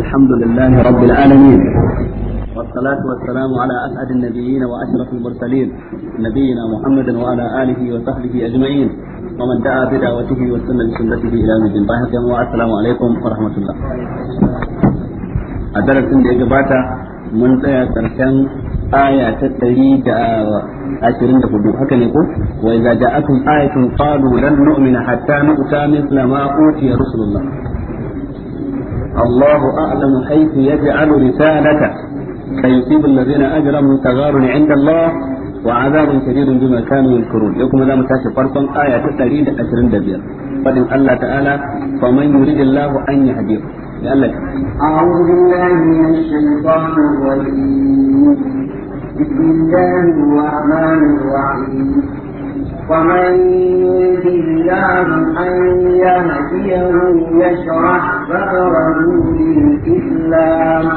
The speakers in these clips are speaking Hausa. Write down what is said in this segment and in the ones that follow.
الحمد لله رب العالمين والصلاة والسلام على أسعد النبيين وأشرف المرسلين نبينا محمد وعلى آله وصحبه أجمعين ومن دعا بدعوته واستنى بسنته إلى يوم الدين طاهر السلام عليكم ورحمة الله أدرك سندي جباتا من سيسركن آية التريجة أشرين تقول بحكا وإذا جاءكم آية قالوا لن نؤمن حتى نؤتى مثل ما أوتي رسول الله الله أعلم حيث يجعل رسالته فيصيب الذين أجرموا تغار عند الله وعذاب شديد بما كانوا ينكرون يكم لا متاشي فرقم آية تريد أشرين دبير فإن الله تعالى فمن يريد الله أن يهديه لألك أعوذ بالله من الشيطان الرجيم بسم الله الرحمن الرحيم ومن يرد الله أن يهديه يشرح صدره للإسلام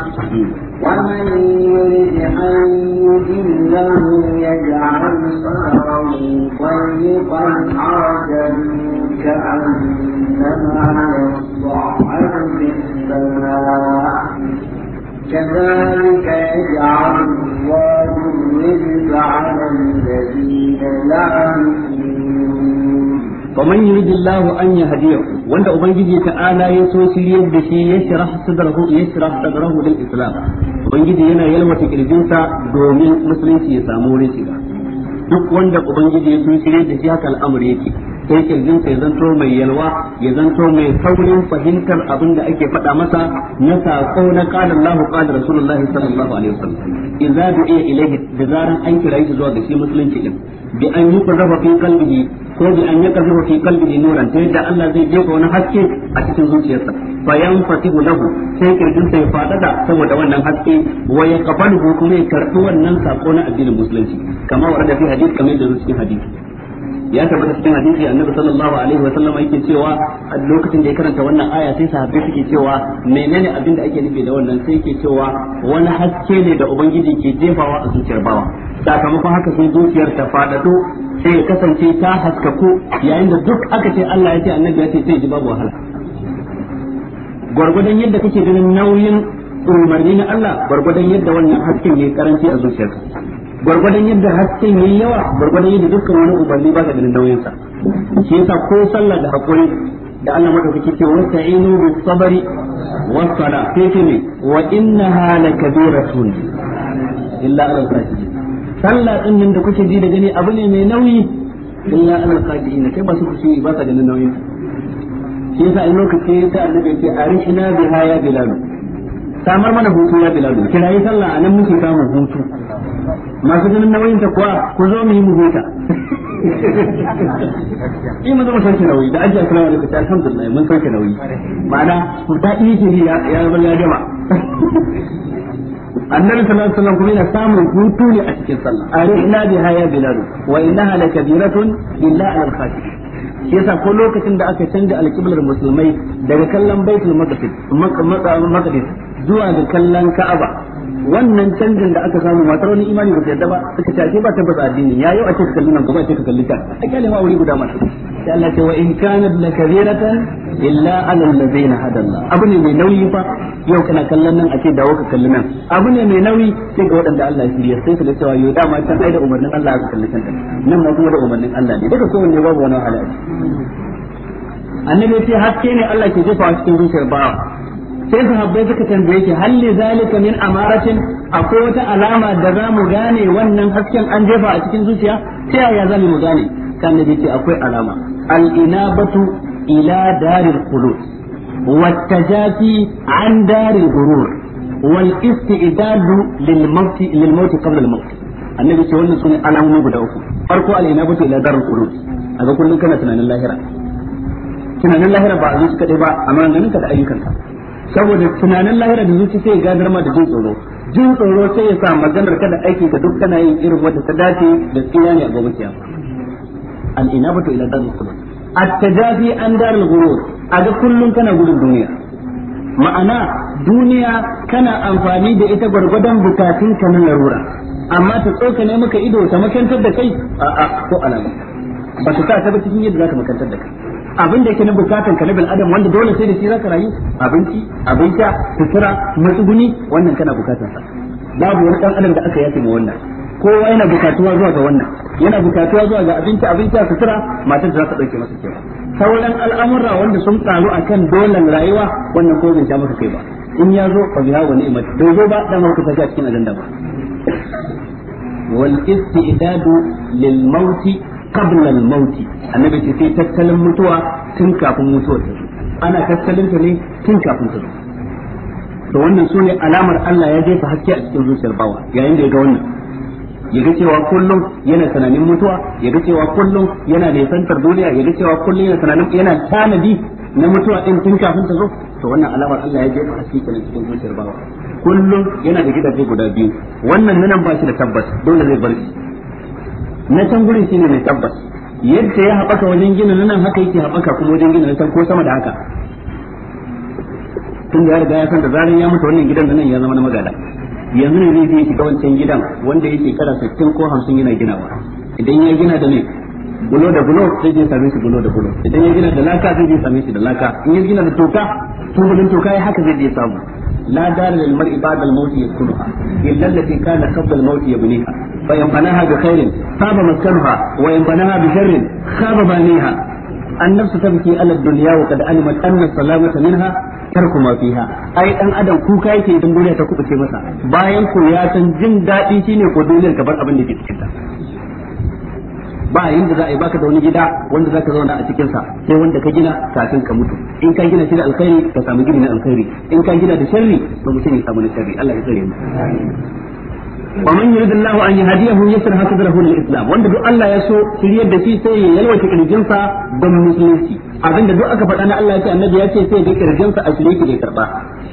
ومن يرد أن يذله يجعل صدره ضيقا حرجا كأنما يصعد في السماء كذلك يجعل الله الرزق على ومن يريد الله أن يهديه وأنت أبنجي تعالى يسوس بشي يشرح صدره يشرح صدره للإسلام أبنجي هنا يلوى تكرجنسا دومين مسلم سيساموري سيدا duk wanda ubangiji ya tusire da shi haka al'amari yake sai kirjin ya zanto mai yalwa ya zanto mai saurin fahimtar abin da ake faɗa masa na sako na qala Allahu qala Rasulullahi sallallahu alaihi wasallam idza du'iya ilayhi da zaran an kira shi zuwa ga shi musulunci din bi an yi kurrafa fi ko bi an yi kurrafa fi qalbihi nuran ta yadda Allah zai jefa wani haske a cikin zuciyarsa fa yanfasibu lahu sai kirjin sai fadada saboda wannan haske wa yaqbalu kuma ya karbi wannan sako na addinin musulunci kamar wanda fi hadisi kamar da zuciyar hadisi ya tabbata cikin hadisi annabi sallallahu alaihi wa sallam yake cewa a lokacin da ya karanta wannan aya sai sahabbai suke cewa menene abin da ake nufi da wannan sai yake cewa wani haske ne da ubangiji ke jefawa a zuciyar bawa sakamakon haka sai zuciyar ta fadado sai kasance ta haskaku yayin da duk aka ce Allah ya ce annabi ya ce sai ji babu wahala gwargwadon yadda kake ganin nauyin umarni na Allah gwargwadon yadda wannan hasken ne karanci a zuciyarka gwargwadon yadda hasken yi yawa gwargwadon yadda dukkan wani ubanni ba ka ganin nauyin sa shi yasa ko sallah da hakuri da Allah madaukaki ce wa ta'inu bi sabri wa sala sai ne wa innaha lakabiratun illa ala sajidin sallah din nan da kuke ji da gani abu ne mai nauyi illa alal ne kai ba su kuci ba ka ganin nauyin shi yasa a lokaci ta annabi ce arishna biha ya bilal samar mana hutu ya bilal yi sallah anan muke samun hutu masu ganin nauyin ta kuwa ku zo mu yi mu huta in mun zama sauke nauyi da ajiya kula da kace alhamdulillah mun sauke nauyi ma'ana ku iya ke ya ya zama. ya gama annabi sallallahu alaihi wasallam kuma yana samun hutu ne a cikin sallah arihna biha ya bilal wa innaha lakabiratun illa al khashi'in shi yasa ko lokacin da aka canja alƙiblar musulmai daga kallon baitul maqdis zuwa ga kallon ka'aba wannan canjin da aka samu matar wani imani ba ta yadda ba suka ba ta ba tabbata addini ya yau ake ka kalli nan gaba ake ka kalli ta a kyale ma wuri guda mata ta Allah ce wa in kana la kabiratan illa ala allazina hadalla abu ne mai nauyi fa yau kana kallon nan ake dawo ka kalli nan abu ne mai nauyi sai ga waɗanda Allah ya shirya sai su da cewa yau dama can aida da umarnin Allah aka kalli kan nan ma kuma da umarnin Allah ne duka kowanne babu wani wahala annabi ce haske ne Allah ke jefa cikin zuciyar bawa sai sahabbai suka tambaye shi hal li zalika min amaratin akwai wata alama da za mu gane wannan hasken an jefa a cikin zuciya ta yaya za mu gane kan nabi ce akwai alama al inabatu ila daril qulub والتجافي عن دار الغرور والاستعداد للموت للموت قبل الموت annabi ce wannan sune alamomi guda uku farko al-inabatu ila darul qulub aga kullun kana tunanin lahira tunanin lahira ba a zuci kaɗai ba amma ganin ka da ayyukanka saboda tunanin lahira da zuci sai ya gadar ma da jin tsoro jin tsoro sai ya sa maganar kada aiki ka duk kana yin irin wanda ta dace da tsiya ne a gobe kiyama al inabatu ila dar al at-tajafi an dar al ghurur a ga kullun kana gudun duniya ma'ana duniya kana amfani da ita gwargwadon bukatun ka na larura amma ta tsoka ne maka ido ta makantar da kai a ko alama ba ta sa ta cikin yadda za ka makantar da kai abin da yake na bukatan ka na bil adam wanda dole sai da shi zaka rayu abinci abin sutura matsuguni wannan kana bukatan sa babu wani dan adam da aka yafe mu wannan kowa yana bukatuwa zuwa ga wannan yana bukatuwa zuwa ga abinci abin sha sutura matar da za ta dauke masa kewa sauran al'amura wanda sun karu akan dolan rayuwa wannan ko bai ja masa kai ba in ya zo fa biha wa ni'mat bai zo ba da maka tafi a cikin ajanda ba wal istidadu lil mauti qabla al-maut annabi ce sai tattalin mutuwa tun kafin mutuwar ta ana tattalin ta ne tun kafin ta to wannan sune alamar Allah ya jefa haske a cikin zuciyar bawa yayin da ya ga wannan ya ga cewa kullum yana sananin mutuwa ya ga cewa kullum yana da nisantar duniya ya ga cewa kullum yana tunanin yana tanadi na mutuwa din tun kafin ta zo to wannan alamar Allah ya jefa haske kenan cikin zuciyar bawa kullum yana da gidaje guda biyu wannan nan ba shi da tabbas dole zai bar shi na can gurin ne mai tabbas yadda ya haɓaka wajen gina nan haka yake haɓaka kuma wajen gina na can ko sama da haka tun da ya riga ya san da zarin ya mutu wannan gidan da nan ya zama na magada yanzu ne zai je shiga wancan gidan wanda yake kara 60 ko hamsin yana ginawa idan ya gina da ne bulo da bulo zai je same shi bulo da bulo idan ya gina da laka zai je same shi da laka in ya gina da toka tubulin toka ya haka zai je samu la dar lil mar'i ba'da al-maut yaskunuha illa allati kana qabla al-maut yabniha فإن بناها بخير خاب مسكنها وإن بناها بشر خاب بانيها النفس تبكي على الدنيا وقد علمت أن السلامة منها tarku ma fiha ai dan adam kuka yake idan duniya ta kubuce masa bayan ko ya san jin daɗi shine ko duniyar ka bar abin da ke ba yanda za a yi baka da wani gida wanda za ka zauna a cikinsa sai wanda ka gina kafin ka mutu in ka gina shi ka samu gini na alkhairi in ka gina da sharri to mutum ya na sharri Allah ya tsare wa man yuridillahu an yahdiyahu yashrah sadrahu lil islam wanda duk Allah ya so shiryar da shi sai ya yalwace kirjin sa da musulunci abinda duk aka faɗa na Allah ya ce annabi ya ce sai ga kirjin sa a shirye da da karba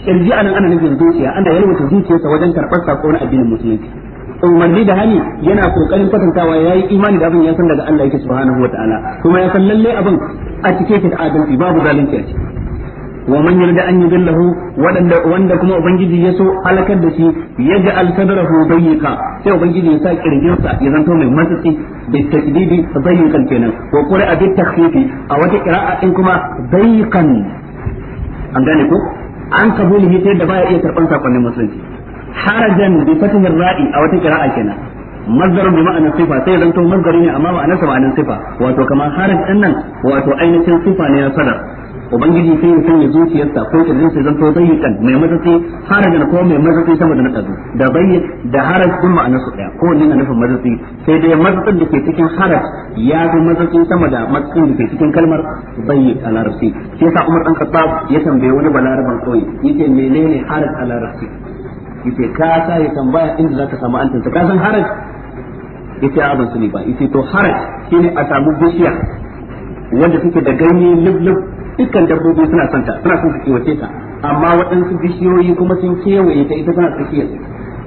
kirji anan ana nufin zuciya ana yalwace zuciyarsa wajen karbar sako na addinin musulunci umarni da hani yana kokarin kwatantawa ya yi imani da abin ya san daga Allah yake subhanahu wa ta'ala kuma ya san lalle abin a cike ke da adalci babu zalunci a ciki wa man yarda an yudillahu wadanda wanda kuma ubangiji ya so halakar da shi ya ga alsadrahu dayyika sai ubangiji ya sa kirjin sa ya zanto mai matsatsi da tajdidi dayyikan kenan wa qira'a bi takhfifi a wata qira'a din kuma dayyikan an gane ko an da baya iya karban sakonnin musulunci harajan bi fatihi ra'i a wata qira'a kenan مصدر بمعنى صفة سي زنتو مصدر أمام أنا سبعة صفة واتو كما خارج أنن واتو أين صفة نيا صدر ubangiji sai ya sanya zuciyarsa ko kirjin sai zanto kan mai mazafi harajin ko mai mazafi sama da na da bai da haraj din ma'anar su daya ko wannan na nufin mazafi sai dai mazafin da ke cikin haraj ya ga mazafi sama da mazafin da ke cikin kalmar bai a larabci sai sa Umar dan kasab ya tambaye wani balaraban koyi yace menene haraj a larabci yace ka sa ya tambaya inda zaka samu antinsa ka san haraj yace a ban sani ba yace to haraj shine a samu bishiya wanda take da ganye lublub dukkan dabbobi suna son ta suna son su kiwace ta amma waɗansu bishiyoyi kuma sun kewaye ta ita tana tsakiyar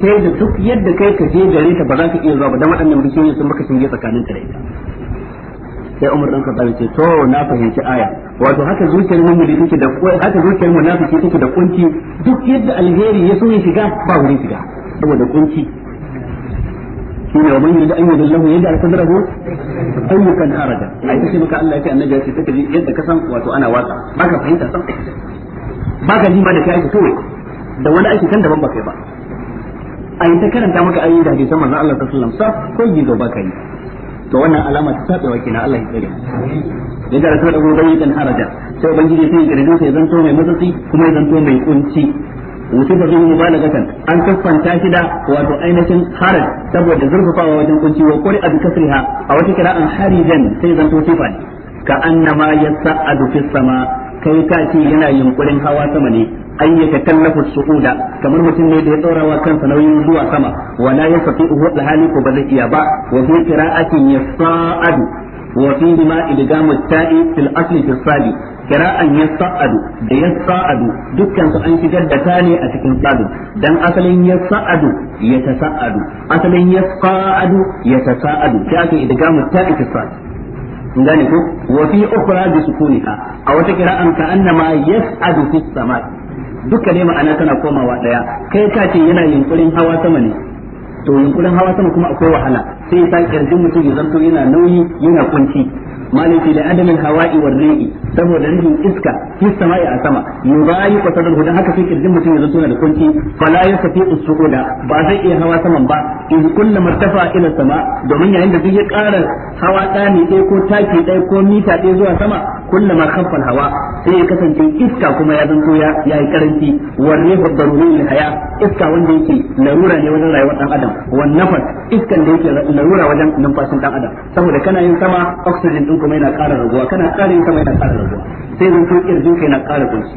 ta yadda duk yadda kai ka je gare ta ba za ka iya zuwa ba dan waɗannan bishiyoyi sun maka shinge tsakanin ta da ita sai Umar ɗan Khattab ce to na fahimci aya wato haka zuciyar mu'mini take da haka zuciyar munafiki take da kunci duk yadda alheri ya so ya shiga ba wurin shiga saboda kunci shine wa bayyana da ayyuka lahu yadda aka sadara ko ayyukan haraja ai kace maka Allah yake annabi yake take yadda ka san wato ana waka baka fahimta san baka ji da kai kawai da wani aiki kan daban ba kai ba ai ta karanta maka ayi da hadisan manzon Allah sallallahu alaihi wasallam ko gizo baka yi to wannan alama ta tabewa kenan Allah ya tsare ya da rasul da gurbin haraja sai ubangiji sai ya kirgin sai zanto mai matsatsi kuma ya zanto mai kunci wusifa bihi gasan an kaffanta shi da wato ainihin haraj saboda zurfafawa wajen kunci wa a bi riha a wata hari harijan sai zanto sifa ne ka annama a fis sama kai ka ce yana yunkurin hawa sama ne an ya takallafu su'uda kamar mutum ne da ya tsorawa kansa nauyin zuwa sama wala yastati'u al-hali ko ba zai iya ba wa bi qira'atin yas'adu وفيهما إدغام التاء في الأصل في kira'an sa'adu da yasa'adu dukkan su an shigar da ne a cikin sa'adu dan asalin ya sa'adu ya ta sa'adu asalin ya sa'adu ya ta sa'adu ta ake idgamu ta ittifaq gane ko wa fi ukhra bi sukunika a wata kira'an ka annama yas'adu fi samai duka ne ma'ana tana komawa daya kai ka ce yana yunkurin hawa sama ne to yunkurin hawa sama kuma akwai wahala sai ya sa kirjin mutum ya zanto yana nauyi yana kunci malin da la'adam al-hawa'i war saboda rihin iska fi sama'i a sama yubayi ko sadar hudan haka sai kirjin mutum ya zanto da kunci fala yasfi usuda ba zai iya hawa saman ba in kullu martafa ila sama domin yayin da zai kara ƙara hawa tsani ɗaya ko taki ɗaya ko mita ɗaya zuwa sama kullama khaffal hawa sai ya kasance iska kuma ya zanto ya yayi karanci war rihu daruri haya iska wanda yake larura ne wajen rayuwar dan adam wan nafas iskan da yake larura wajen numfashin dan adam saboda kana yin sama oxygen ɗin kuma yana ƙara raguwa kana ƙarin kuma yana ƙara raguwa sai zan to kirjin ka yana ƙara kunci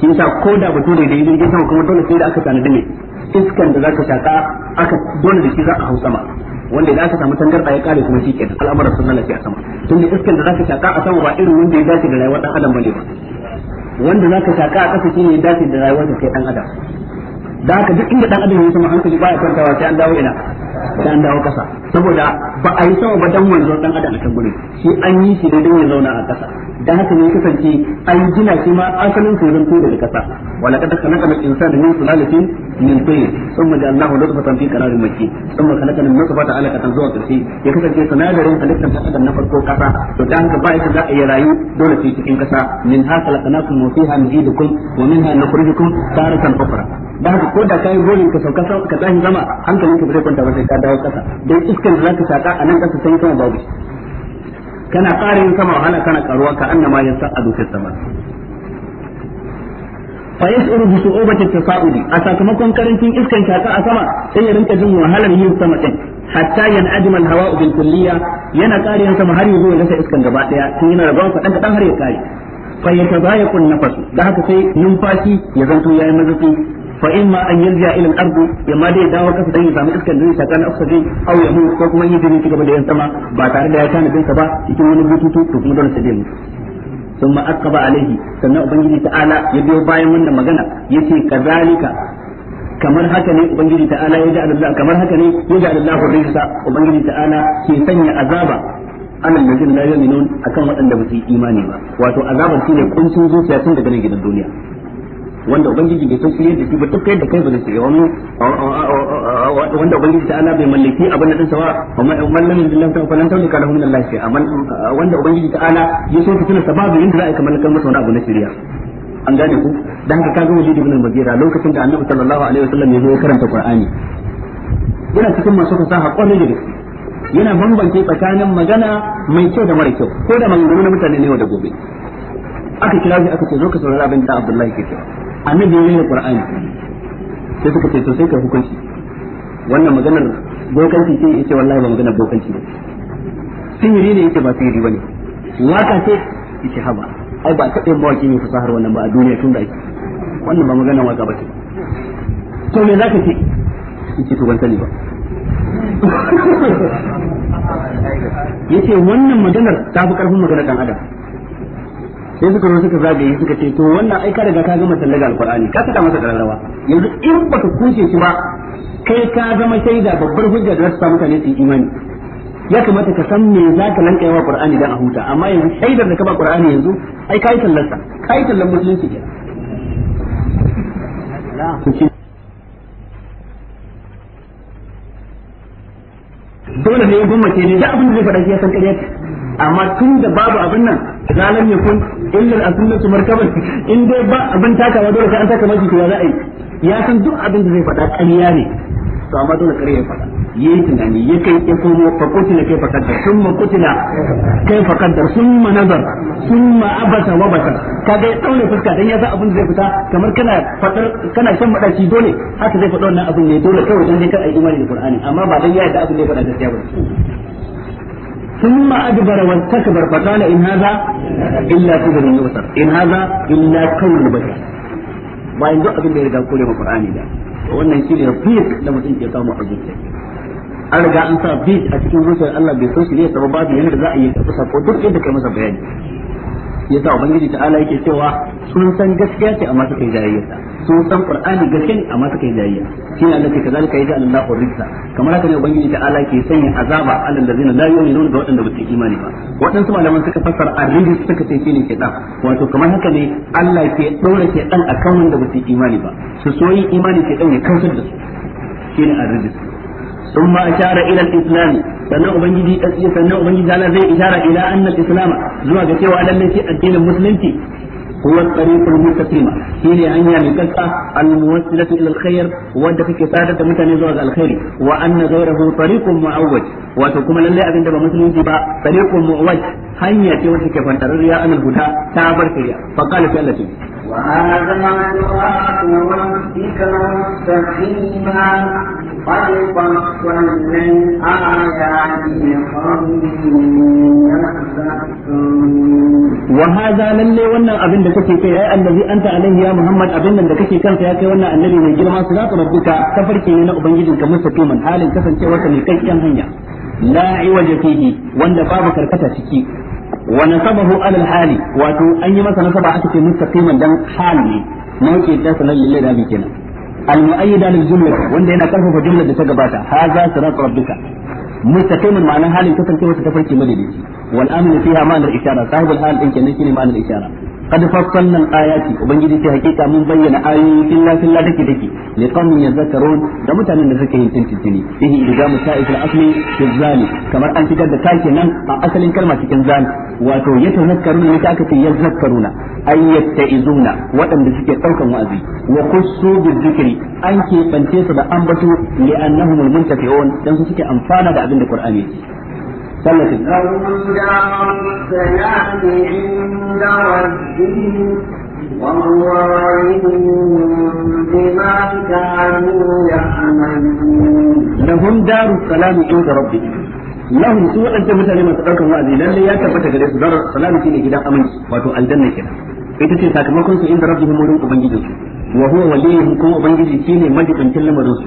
shi yasa ko da ba bature da yin sama kuma dole sai da aka tanadi ne iskan da zaka shaka aka dole da shi za a hau sama wanda idan aka samu tangarda ya kare kuma shi ke da al'amuran sun lalace a sama tunda iskan da zaka shaka a sama ba irin wanda ya dace da rayuwar dan adam bane ba wanda zaka shaka a ƙasa shine ya dace da rayuwar kai dan adam da haka duk inda dan adam ya sama hankali baya kwantawa sai an dawo ina sai an dawo kasa saboda ba a yi sama ba dan wanzo dan adam a kan gurin shi an yi shi dan ya zauna a kasa dan haka ne kasance an gina shi ma asalin sa zanto da kasa wala kad da yin insana min sulalatin min da Allah da nutfatan fi qararin kana kana khalaqa an-nutfata 'alaqatan zuwa karshe ya kasance sanadarin halittar dan adam na farko kasa to dan haka ba yadda za a yi rayu dole sai cikin kasa min ha khalaqnakum mu fiha nu'idukum wa minha nukhrijukum taratan ukhra da ko da kai gurin ka sauka ka tashi zama hankalin ka bai kwanta ba sai ka dawo kasa dan iskan da zaka saka a nan kasa sai kuma babu kana ƙara yin sama hana kana karuwa ka annama ya sa yasa'adu fi sama fa yasuru bi su'ubati tasaudi a sakamakon karantin iskan shaka a sama sai ya rinka jin wahalar yin sama din hatta yan'ajima al-hawa'u bil kulliya yana ƙara sama har yanzu ya rasa iskan gaba daya tun yana rabawa dan kadan har ya kare fa yatazayaku an-nafas da haka sai numfashi ya zanto yayin mazafi fa in ma an yalja ila al-ard ya ma dai dawo kasa dan ya samu iskar da zai shaka na oxygen aw ya mun ko kuma yin ci gaba da yan sama ba tare da ya tana sa ba cikin wani bututu to kuma dole sai dai mutu ثم أقبى sannan ubangiji ta'ala ya biyo bayan wannan magana yace kazalika kamar haka ne ubangiji ta'ala ya ja'al Allah kamar haka ne ya ja'al Allah rijsa ubangiji ta'ala ke sanya azaba anan da jin la yu'minun akan waɗanda ba su imani ba wato azabar shine kuncin zuciya tun daga gidan duniya wanda ubangiji bai san da shi ba duk da kai ba zai wanda ubangiji ta ala bai mallaki abin da dinsa ba amma man lam yadillahu ta falan tawlika lahum min allahi amma wanda ubangiji ta ala ya so fitina sababu inda za a kamar kalmar wani abu na shari'a an gane ku dan haka kaga walid ibn al-mughira lokacin da annabi sallallahu alaihi wasallam ya zo ya karanta qur'ani yana cikin masu fasaha kwarai da gaske yana bambance tsakanin magana mai kyau da mara kyau ko da maganganu na mutane ne yau da gobe aka kira shi aka ce zo ka saurari abin da Abdullahi ke cewa annabi yayin yin qur'ani sai suka ce to sai ka hukunci wannan maganar bokanci ce ce wallahi ba maganar bokanci ba sihiri ne yake ba sihiri bane waka ce yace haba ai ba ba mawaƙi ne fasahar wannan ba a duniya tun da ake wannan ba maganar waka ba ce to me ka ce ce to ban sani ba ce wannan maganar ta fi karfin maganar dan adam sai suka zo suka zagaye suka ce to wannan ai ka riga ka gama tallaga alqur'ani ka saka masa kararrawa yanzu in baka kushe shi ba kai ka zama shaida babbar hujja da za ta mutane su imani ya kamata ka san me za ka lanka yawa qur'ani dan a huta amma yanzu shaidar da ka ba qur'ani yanzu ai kai tallarsa kai tallan musulunci ke dole ne ya gummace ne da abin da zai faɗa shi ya san ƙarya amma tun da babu abin nan zalan ya kun illal asullu su markaban in dai ba abin takawa dole sai an taka maki to za a yi ya san duk abin da zai faɗa ƙarya ne to amma dole ƙarya ya faɗa yi tunani ya kai ya komo fa kutila kai fa kaddar ma kutila kai fa kaddar ma nazar ma abasa wa basa kaga ya daure fuska dan ya san abin da zai fita kamar kana fadar kana shan madaci dole haka zai faɗa wannan abin ne dole kawai dan dai kar a yi imani da Qur'ani amma ba dan ya yadda abin da ya faɗa gaskiya ba ثم أدبر واستكبر فقال إن هذا إلا كبر يؤثر إن هذا إلا كون riga kore ma Qur'ani da wannan shi ne an riga an sa fiq a cikin zuciyar Allah bai so shi ne sababa a yi tafi sako kai masa bayani ta'ala yake gaskiya sun san qur'ani gaske ne amma suka yi jayayya shi ne Allah ke kazalika yaji Allahu rizqa kamar haka ne ubangiji ta ala ke sanya azaba alal ladina la yu'minuna ga waɗanda ba su imani ba waɗansu malaman suka fassara ar-rijs suka ce shine shedan wato kamar haka ne Allah ke daura shedan akan wanda ba su imani ba su soyi imani shedan ne kansar da su shine ar-rijs ثم أشار إلى الإسلام sannan ubangiji sannan ubangiji zai ishara ila anna al-islam zuwa ga cewa lalle shi addinin musulunci هو الطريق المستقيم هي أن يمكنك الموسلة إلى الخير وأنت في كسادة متنزوة الخير وأن غيره طريق معوج وتكون لله أبن دب مسلم طريق معوج هيا تيوتك فانترر يا أن الهدى تعبر فقال في الله وهذا دعاء ربك مستقيما قد فصلنا الآيات وهذا لله وانا ابن دا كيف يا الذي انت عليه يا محمد ابن دا كيف كانت يا كي وانا الذي من جرما صلاة ربك كفر مِنْ ينا ابن جدن كمسا كيما حالا كسا كي وانا لكي كان لا عوج فيه وانا بابك كركتا شكي wa nasabahu ala hali wato an yi masa nasaba aka ce mustaqiman dan hal ne ke da sanan lillahi da bi kenan al-mu'ayyida lil jumla wanda yana karfafa jumlar da ta gabata hadha sirat rabbika mustaqiman ma'anan halin kasance wata tafarki madaidaici wal amru ha ma'anar ishara sahibul hal din kenan shine ma'anar ishara qad fassalna al ce ubangiji ce hakika mun bayyana ayoyi filla filla take take li qaumin yadhakkarun da mutanen da suke yin tintintini fihi idgamu ta'if al-asli fi zali kamar an fitar da take nan a asalin kalma cikin zali wato yatazakkaruna ne aka ce yadhakkaruna ay yattaizuna waɗanda suke ɗaukan wa'azi wa qussu bizikri an ke bance su da an bato annahum al-muntafi'un dan su suke amfana da abin da Qur'ani yake سنة لهم دار السلام عند ربهم وهو بما كانوا يعملون لهم دار السلام عند ربهم lahum su waɗanda mutane masu ɗaukar wa'azi lalle ya tabbata gare su darar salamu shine gidan aminci wato aljanna kenan ita ce sakamakon su inda rabbihum wurin ubangiji su wa huwa waliyuhum kuma ubangiji shine majibancin lamarin su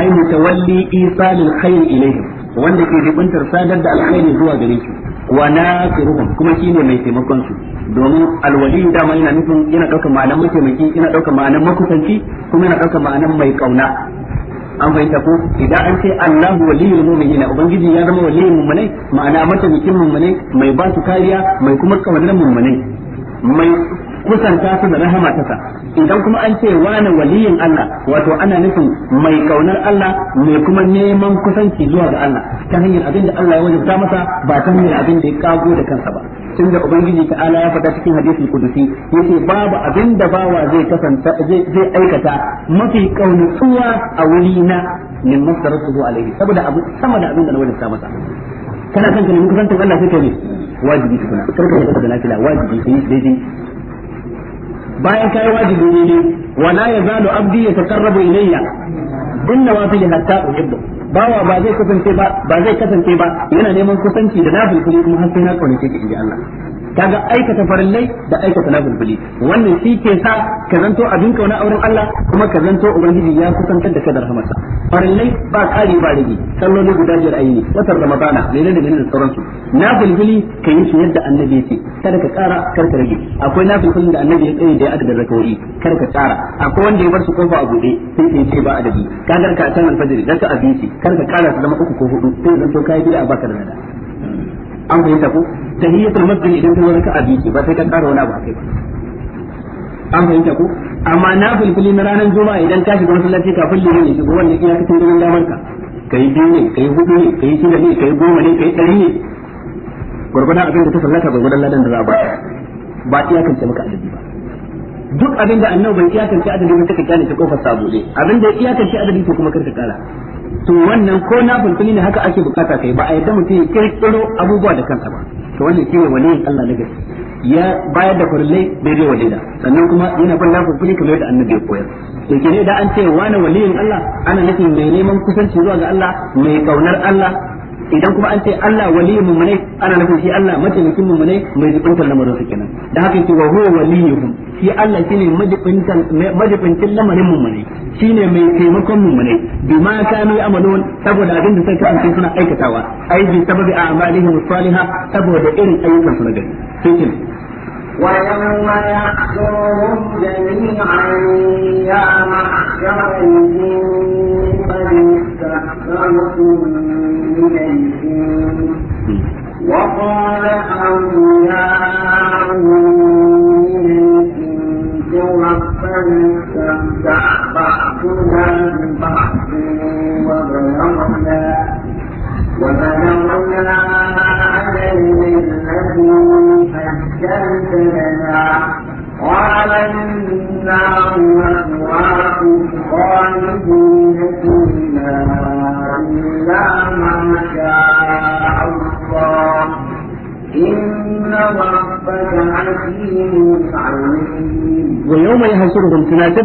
ai mutawalli isalil khair ilaihim wanda ke ribantar sadar da alkhairi zuwa gare shi wa nasiruhum kuma shine mai taimakon su domin alwali dama yana nufin yana daukar ma'anar mataimaki yana daukar ma'anar makusanci kuma yana daukar ma'anar mai kauna an fahimta ko idan an ce Allahu waliyul mu'minina ubangiji ya zama waliyul mumanai ma'ana mataimakin mu'minai mai ba su kariya mai kuma kaunar mumanai mai kusanta su da rahama ta sa idan kuma an ce wani waliyin Allah wato ana nufin mai kaunar Allah mai kuma neman kusanci zuwa ga Allah ta hanyar abin da Allah ya wajabta masa ba ta hanyar abin da ya kago da kansa ba tun da ubangiji ta'ala ya faɗa cikin hadisi kudusi yace babu abin da bawa zai kasanta zai aikata mafi kaunatuwa a wuri na min masarrafu alaihi saboda abu sama da abin da na wajabta masa kana son ka nemi kusantar Allah sai ka ne wajibi tukuna karka da lafiya wajibi sai dai bayan kai wajibi ne wala yazalu abdi yatakarrabu ilayya bin nawafil hatta uhibbu bawa ba zai kasance ba ba zai kasance ba yana neman kusanci da nafil kuma har sai na kaunace ki inji Allah kaga aikata farillai da aikata na bulbuli wannan shi ke sa ka zanto abin kauna auren Allah kuma ka zanto ubangiji ya kusantar da kadar Farin farillai ba kari ba rigi salloli guda biyar ayi watan ramadana ne da menene da sauransu na bulbuli ka yi shi yadda annabi yake kada ka kara kar ka rage akwai na bulbulin da annabi ya tsaye da ya adadin rakawoyi kar ka kara akwai wanda ya bar su kofa a buɗe sai sai sai ba adadi kagar ka a can alfajiri da ka abinci kar ka kara su zama uku ko hudu sai zanto kai gida a baka da nada an fahimta ko tahiyatul masjid idan ta zo a biyu ba sai ka tsara wani abu kai ba an fahimta ko amma na fulfuli na ranar juma'a idan ka shiga masallaci kafin liman ne shiga wannan iya cikin ganin damar ka kai biyu ne kai hudu ne kai shida ne kai goma ne kai ɗari ne gurgudan abin da ta sallata gurgudan ladan da za a ba ba iyakance maka adadi ba duk abin da annabi bai iyakance adadi ba take kyale ta kofar sabo ne abin da iyakance adadi to kuma karka kara to wannan ko na fulfuli ne haka ake bukata kai ba a yadda mutum ya kirkiro abubuwa da kansa ba to wannan shi ne waliyin Allah na gaske ya bayar da farillai daidai wale daida sannan kuma yana bin na fulfuli kamar yadda annabi ya koyar to ke ne da an ce wani waliyin Allah ana nufin mai neman kusanci zuwa ga Allah mai kaunar Allah idan kuma an ce Allah waliyyu ne ana nufin shi Allah mataimakin mu'minai mai jibintar lamarin su kenan da haka yake wa huwa waliyuhum shi Allah shine majibintan majibincin lamarin mu'minai shine mai taimakon mu'minai bima kanu amalun saboda abin da suka amfani suna aikatawa ai bi sababi a'malihim salihah saboda irin ayyukan su na gari sai ويوم يحشرهم جميعا يا محشر الجن قد استحسنتم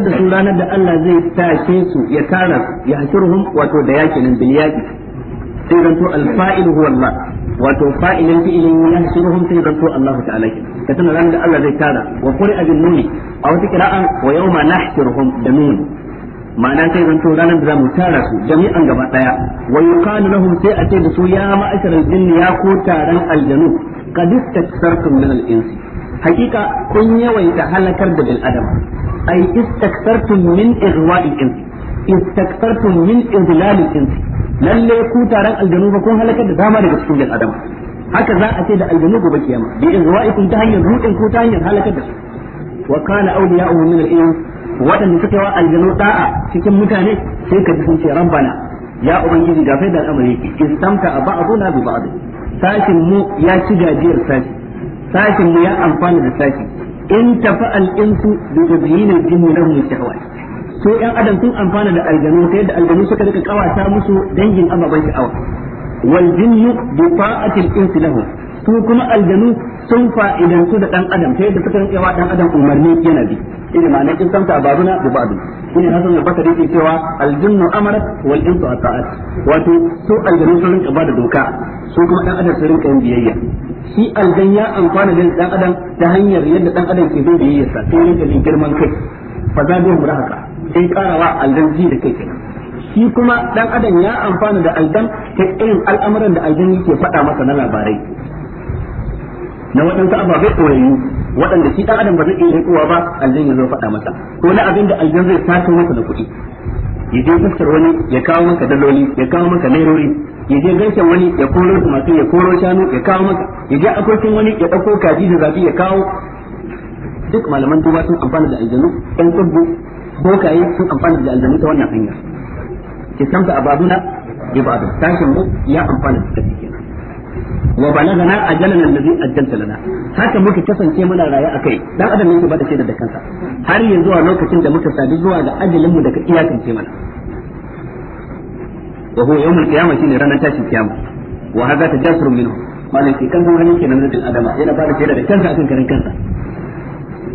da su ranar da Allah zai tashe su ya tara ya hashiruhum wato da yakinin bil yaqi sai zanto al fa'il huwa Allah wato fa'ilin fi'ilin ya hashiruhum sai zanto Allah ta'ala ka tana ranar da Allah zai tara wa qur'a bin nuni a wata qira'a wa yawma nahshiruhum da nun ma'ana sai zanto ranar da zamu tara su jami'an gaba daya wa yuqalu lahum sai a ce da su ya ma'asharal jinni ya ko taran aljanu qad istaktartum min al-insi hakika kun yawaita halakar da bil adam ay istaktartum min igwa'il ins istaktartum min idlalil ins lalle ku taron aljanu ba kun halakar da dama daga cikin adam haka za a ce da aljanu gobe kiyama bi igwa'ikum ta hanyar ko ta hanyar da su wa min suka wa aljanu da'a cikin mutane sai ka ji sun ce rabbana ya ubangiji ga faidar al'amari istamta na bi ba'd sashin mu ya ci gajiyar sashi sashin mu ya amfana da sashi in tafa al'insu da bi tadhin na mu lahum shahawat so yan adam sun amfana da aljanu ta yadda aljanu suka rika kawata musu dangin ababen sha'awa wal jinnu bi ta'ati al-insi lahum su kuma aljanu sun fa'idantu da dan adam ta yadda suka rika wa dan adam umarni yana bi ina ma nan kinsan ta babuna da babu ina na san baka dake cewa aljinnu amarat wal insu ata'at wato su aljanu sun rinka bada doka su kuma dan adam sun rinka yin biyayya shi aljan ya amfana da dan adam ta hanyar yadda dan adam ke da biyayya sa to yake jin girman kai fa za da mu haka sai karawa aljan ji da kai kenan shi kuma dan adam ya amfana da aljan ta irin al'amuran da aljan yake faɗa masa na labarai na waɗansu ababai koyayyu waɗanda shi ɗan adam ba zai iya rikuwa ba aljan ya zo faɗa masa ko na abin da aljan zai sato masa da kuɗi ya je fuskar wani ya kawo maka daloli ya kawo maka nairori ya je garken wani ya koro masu ya koro shanu ya kawo maka ya je akwai wani ya dauko kaji da zafi ya kawo duk malaman duba sun amfana da aljanu ɗan tsibbu bokaye sun amfana da aljanu ta wannan hanya ke samta abaduna ibadu tashin mu ya amfana da take wa balagana ajalana allazi ajjalta lana haka muka kasance muna raye akai dan adam ne ba da shaida da kansa har yanzu a lokacin da muka sadu zuwa ga ajalin mu daga iyakance mana wa huwa yawmul qiyamah shine ranar tashin kiyama wa hadha tajassurun minhu malaki kan san hannun kenan da adama yana ba da shaida da kansa akan karin kansa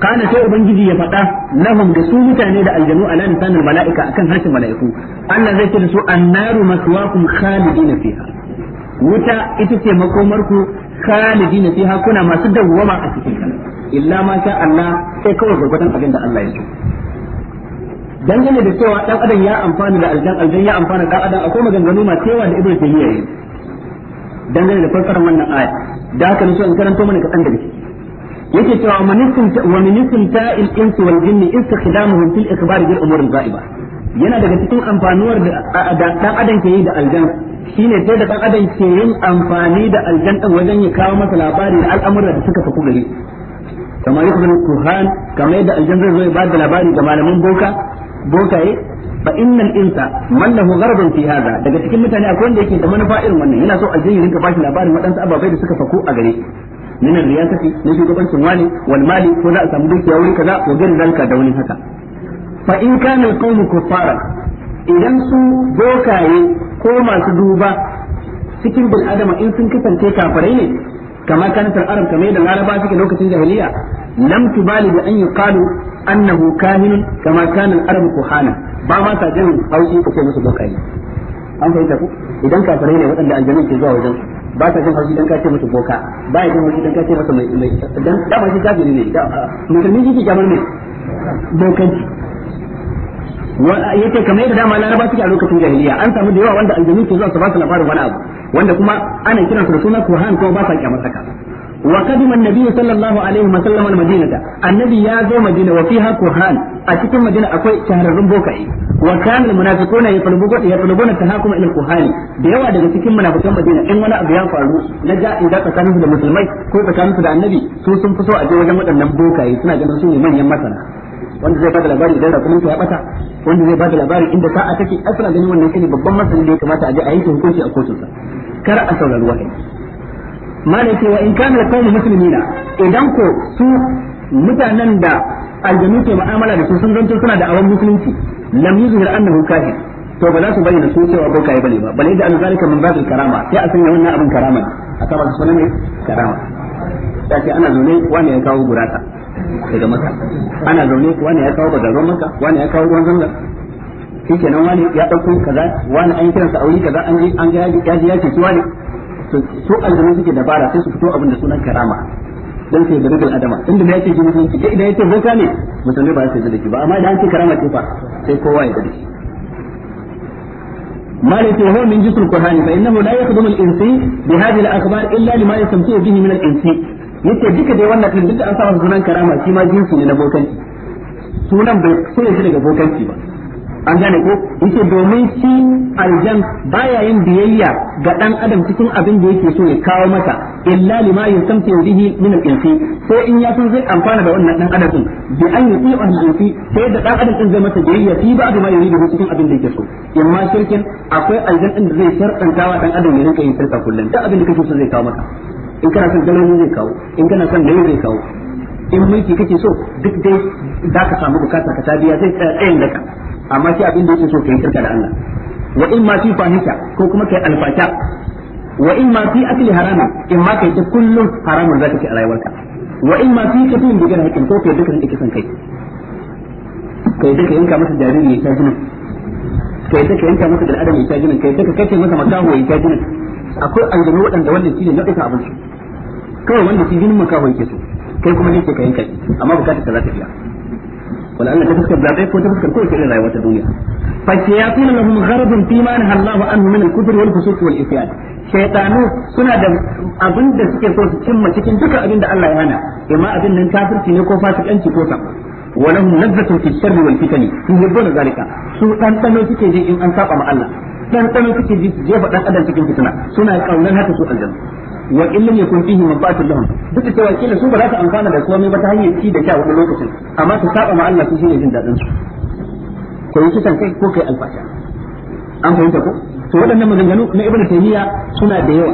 kana sai ubangiji ya faɗa lahum da su mutane da aljanu ala insanil malaika akan harshen malaiku Allah zai ce da su annaru maswaqum khalidina fiha wuta ita ce makomarku khalidina fiha kuna masu dawwama a cikin ta illa ma sha Allah sai kawai gurgurdan abin da Allah ya so dangane da cewa dan adam ya amfana da aljan aljan ya amfana dan adam akwai maganganu ma cewa da ibnu taymiya yi dangane da fassarar wannan aya da haka ne so in karanto mana kadan daga ciki yake cewa wa minisun ta'il insu wal jinni istikhdamuhum fil ikhbar bil umur al ghaiba yana daga cikin amfanuwar da dan adam ke yi da aljan shine sai da dan adam ke yin amfani da aljan din wajen ya kawo masa labari da al'amuran da suka faku gari kamar yadda kuhan kamar yadda aljan zai zo ya bada labari ga malaman boka bokaye fa innal insa man lahu gharbun fi hadha daga cikin mutane akwai wanda yake da manufa irin wannan yana so a je rinka bashi labarin wadansu ababai da suka fako a gare min riyasati na shugabancin wani wal mali ko za a samu dukiya wuri kaza ko gari zanka da wani haka fa in kana qawmu kufara idan su bokaye ko masu duba cikin bil adama in sun kasance kafirai ne kama kanatar arab kama yadda laraba suke lokacin jahiliya lam tubali bi an yuqalu annahu kahin kama kana al-arab kuhana ba ma sa jin haushi ko musu bokaye an fahimta ku idan kafirai ne waɗanda ke zuwa wajen ba sa jin haushi dan kace musu boka ba ya jin haushi dan kace masa mai mai dan da ba shi kafiri ne musulmi shi ke kamar ne bokanci yace kamar yadda dama laraba suke a lokacin jahiliya an samu da yawa wanda aljanu ke zuwa su ba su labarin wani abu wanda kuma ana kiran su da suna kuhan kuma ba sa kyamar saka wa kadima annabi sallallahu alaihi wa sallam madinata annabi ya zo madina wa fiha kuhan a cikin madina akwai shahararrun bokaye wa kana almunafiquna yatlubuna yatlubuna tahakuma ila alkuhan da yawa daga cikin munafikan madina in wani abu ya faru na ja'i da tsakaninsu da musulmai ko tsakaninsu da annabi su sun fi so a je wajen waɗannan bokaye suna ganin su ne manyan masana wanda zai bada labari idan rakumin ya bata wanda zai bada labari inda sa'a take asala ganin wannan shine babban matsayin da ya kamata a ji a yanke hukunci a kotun sa kar a saurari wahayi malai ce wa in kana qawmu musulmina idan ko su mutanen da aljanu ke mu'amala da su sun zanto suna da awan musulunci lam yuzhir annahu kafir to ba za su bayyana su cewa bokaye bane ba bale da an zalika min babil karama sai a sanya wannan abin karama a kaba sunan karama sai ana zaune wani ya kawo gurata? daga maka ana zaune ku wani ya kawo bagaron maka wani ya kawo ruwan zangar shikenan wani ya dauko kaza wani an kiran sa aure kaza an yi an ga ya ji ya ce ki wani su aljanu suke dabara sai su fito abin da sunan karama dan sai da rigal adama inda ne yake jini sunki idan yake boka ne musulmi ba sai zalaki ba amma idan an ce karama ce fa sai kowa ya ما ليس وهو من جسر القرآن فإنه لا يخدم الإنسي بهذه الأخبار إلا لما يستمتع به من الإنسي yace duka dai wannan din duk an samu sunan karama shi ma jinsi ne na bokanci sunan bai sai shi daga bokanci ba an gane ko yace domin shi aljan baya yin biyayya ga dan adam cikin abin da yake so ya kawo masa illa lima yusamti bihi min al-insi sai in ya san zai amfana da wannan dan adam din bi an yuti an insi sai da dan adam din zai masa biyayya fi ba da ma yuri da cikin abin da yake so amma shirkin akwai aljan din da zai sharɗantawa dan adam ya rinka yin sirka kullum duk abin da kake so zai kawo maka in kana son galolin zai kawo in kana son nayi zai kawo in mulki kake so duk dai za ka samu bukata ka tabiya zai tsaya tsayin daka amma shi abin da yake so yi kirka da Allah wa in ma fi fahisha ko kuma kai alfata wa in ma fi akli harama in ma kai ta kullum haramun zaka ci a rayuwarka wa in ma fi kafin bigar hakin ko kai duka kake son kai kai duka yanka masa jariri ya ta jinin kai duka yanka masa da adam ya ta jinin kai duka kace masa makaho ya ta jinin akwai aljanu waɗanda wannan shine na duka abin su kawai wanda shi jinin makaho ke so kai kuma ne ke kayan kai amma bukatar ta za ta fiya wala Allah ta fuskar zabe ko ta ko kowace irin rayuwa ta duniya fa shayatin lahum gharadun fi ma nahaa Allahu anhu min al-kufr wal fusuq wal isyan shaytanu suna da abin da suke so su cimma cikin duka abin da Allah ya hana imma abin nan kafirci ne ko fasikanci ko sabo ولهم لذة في الشر والفتن يحبون ذلك su ɗanɗano suke ji in an saba ma Allah ɗanɗano suke ji su jefa ɗan adam cikin fitina suna ƙaunar haka su aljanna wa in lam yakun fihi manfa'atun lahum duk da cewa kila su ba za su amfana da komai ba ta hanyar ci da kyau wani lokacin amma su saba ma Allah su shine jin dadin su ko yi kisan kai ko kai alfasha an fahimta ko to waɗannan maganganu na ibnu taymiya suna da yawa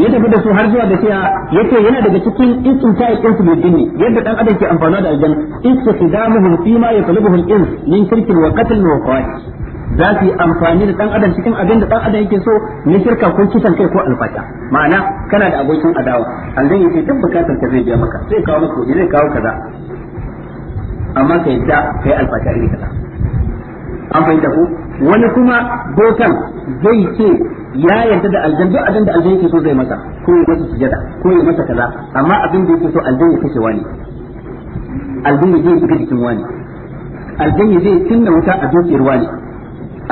ya tafi da su har zuwa da cewa yace yana daga cikin ikin ta ikin su mai jinni yadda dan adam ke amfana da aljanna istidamuhum fi ma yatlubuhu al-ins min shirkin wa qatl wa fawahish za su yi amfani da dan adam cikin abin da dan adam yake so ne shirka ko kisan kai ko alfata ma'ana kana da abokin adawa aljan yake duk bukatar ka zai biya maka zai kawo maka kuɗi zai kawo kaza amma kai da kai alfata iri kaza an fahimta ko wani kuma bokan zai ce ya yarda da aljan duk abin da aljan yake so zai masa ko ya masa sujada ko ya masa kaza amma abin da yake so aljan ya kashe wani aljan ya je ya jikin wani aljan ya je cinna wuta a dukiyar wani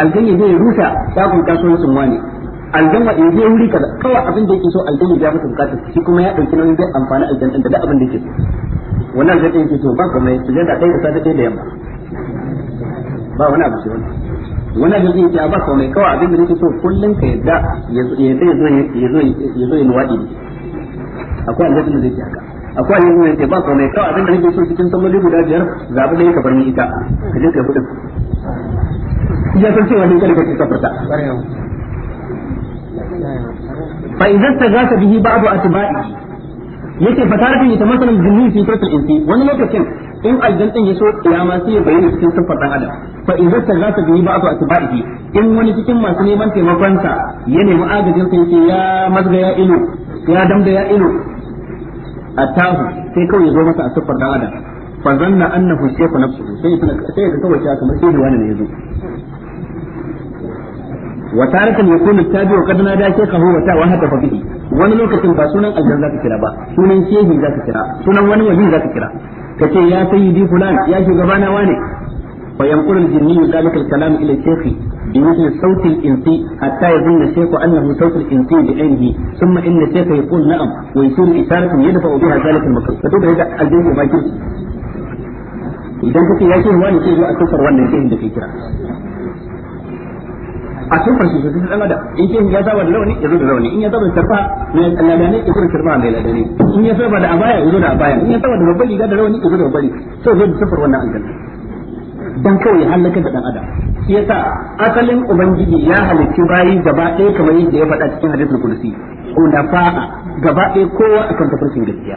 aljan zai rusa shafin kasuwancin wani aljan in zai je wuri kaza kawai abin da yake so aljan ya mutu masa bukatar shi kuma ya dauki nauyin zai amfani aljan da duk abin da yake so wannan zai yake to ba kuma su da ɗaya da sata da yamma ba wani abu shi wani zai aljan yake ba kuma kawai abin da yake so kullum ka yadda ya zo ya zo ya zo ya wadi nuwaɗi akwai aljan da zai ke haka akwai yin ne ba komai kawai abin da yake so cikin salloli guda biyar zabi ne ka bar ni ita ka je ka fita ya san cewa din kalmar ce kafarta fa idza tagasa bihi ba'du atba'i yake fatarfin ita masana jinni fi suratul insi wani lokacin in aljan din yaso kiyama sai ya bayyana cikin sifar dan adam fa idza tagasa bihi ba'du atba'ihi in wani cikin masu neman taimakon ta ya nemi agajin sa yake ya mazga ya ilo ya damda ya ilo atahu sai kawai ya zo masa a sifar dan adam fa zanna annahu shaykhu nafsuhu sai ya sai ya kawai kamar sai wani ne yazo wa taratan yakunu tabi'u qad nada shaykhahu wa ta'a hada fa bihi wani lokacin ba sunan aljan zaka kira ba sunan shehi zaka kira sunan wani wali zaka kira kace ya sayyidi fulan ya shugabana wane fa yanqulu al-jinni dhalika al-kalam ila shaykhi بمثل صوت الإنس حتى يظن الشيخ أنه صوت الإنس بعينه ثم إن الشيخ يقول نعم ويصير إشارة يدفع بها ذلك المكروه فتوب هذا الجيش ما يجوز idan kace ya ce wani ce a kofar wannan shehin da ke kira a tufar shi su dan adam in kin ya zaba da launi ya zo da launi in ya saba da tarfa na ne ya zo da tarfa mai ne in ya zaba da abaya ya zo da abaya in ya zaba da babban ga da launi ya zo da babban sai zo da tufar wannan gani dan kawai halaka da dan adam shi yasa asalin ubangiji ya halicci bayi gaba ɗaya kamar yadda ya faɗa cikin hadisul kursi unafa'a gaba ɗaya kowa akan tafarkin gaskiya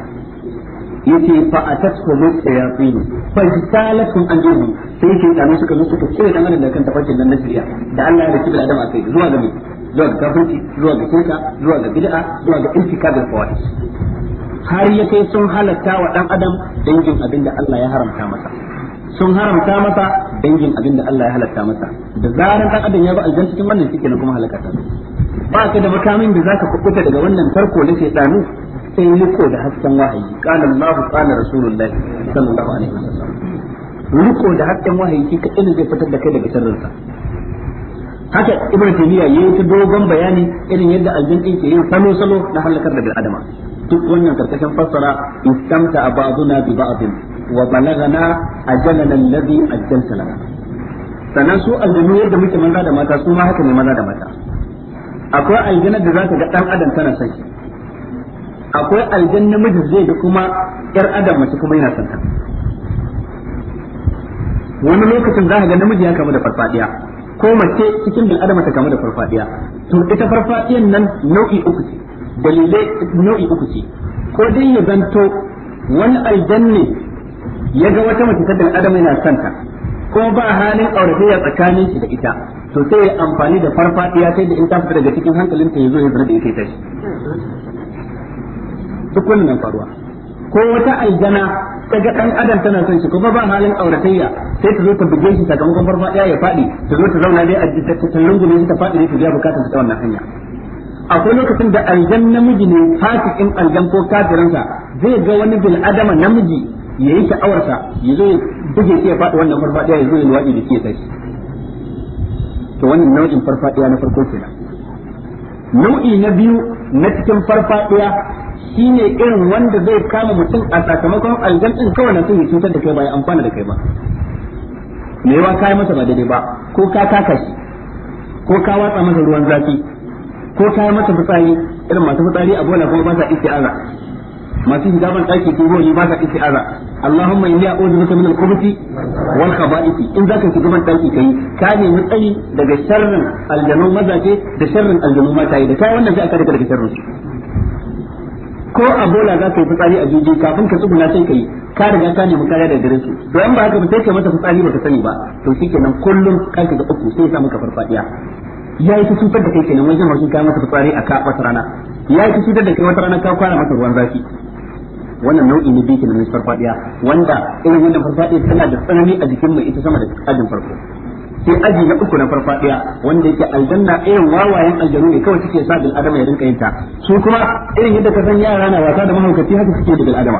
yace fa atatku mutayatin fa jalatum an dini sai ke dano suka zo suka ce dan adam da kan tafarkin nan na shari'a da Allah ya rike bil a akai zuwa ga me zuwa ga kafirci zuwa ga shirka zuwa ga bid'a zuwa ga intikabul fawahish har ya kai sun halatta wa dan adam dangin abin da Allah ya haramta masa sun haramta masa dangin abin da Allah ya halatta masa da zaran dan adam ya ba aljanna cikin wannan shikenan kuma halaka ba ka da makamin da zaka kubuta daga wannan tarko na shaytanu sai riko da hasken wahayi qala Allah qala rasulullahi sallallahu alaihi wasallam riko da hasken wahayi shi kadai ne zai fitar da kai daga sharrin sa haka ibnu taymiya yayi ta dogon bayani irin yadda aljanna ke yin salo salo na halakar da bil'adama. duk wannan karkashin fassara istamta abaduna bi ba'din wa balagana ajalan alladhi ajjalta lana sannan su aljannu yadda muke maza da mata su ma haka ne maza da mata akwai aljannar da za ta ga ɗan adam tana son shi akwai aljanna namiji zai da kuma ƴar adam mace kuma yana son ta wani lokacin za ka ga namiji ya kamu da farfadiya ko mace cikin bil adam ta kamu da farfadiya to ita farfadiyan nan nau'i uku ce dalilai nau'i uku ce ko dai ya zanto wani ne ya ga wata mace ta bil adam yana son ta ko ba halin auratayya tsakanin shi da ita to sai ya amfani da farfadiya sai da in ta fita daga cikin hankalin ta yazo ya zura da yake tashi tukun nan faruwa ko wata aljana ga dan adam tana son shi kuma ba halin auratayya sai ta zo ta buge shi sakamakon farfadiya ya fadi ta zo ta zauna dai a ta lungume shi ta fadi ne ta biya bukatar ta wannan hanya akwai lokacin da aljan namiji ne fasikin aljan ko kafirinsa zai ga wani bil adama namiji ya yi sha'awarsa ya zo ya buge shi ya faɗi wannan farfadiya ya zo ya luwaɗi da shi ya tashi to wannan nau'in farfadiya na farko kenan nau'i na biyu na cikin farfadiya shine irin wanda zai kama mutum a sakamakon aljan din kawai na sun cutar da kai ba ya amfana da kai ba me ba kai masa ba daidai ba ko ka kaka shi ko ka watsa masa ruwan zafi ko ka masa fitsari irin masu fitsari a bola kuma ba sa isti'aza masu shiga ban ɗaki ko ruwan ba sa isti'aza Allahumma inni miya bika min al-khubuthi wal khaba'ithi in zaka shiga ban ɗaki kai ka nemi tsayi daga sharrin aljanu mazaje da sharrin aljanu mata da kai wannan sai aka daga daga sharrin ko a bola za ka yi fitsari a juji kafin ka tsuguna sai ka yi ka riga ka nemi kariya daga gare su don ba haka ba sai mata fitsari baka sani ba to shikenan kullum ka da uku sai ya samu ka farfadiya ya yi ta cutar da kai kenan wajen wajen kayan masa fitsari a ka wata rana ya yi ta cutar da kai wata rana ka kwana masa ruwan zafi wannan nau'i ne bikin na farfadiya wanda irin wannan farfadiya tana da tsanani a jikin mai ita sama da ajin farko sai aji na uku na farfadiya wanda yake aljanna irin wawayen aljanu ne kawai suke sa bil adama ya rinka yin ta su kuma irin yadda ka san yara na wasa da mahaukaci haka suke da bil adama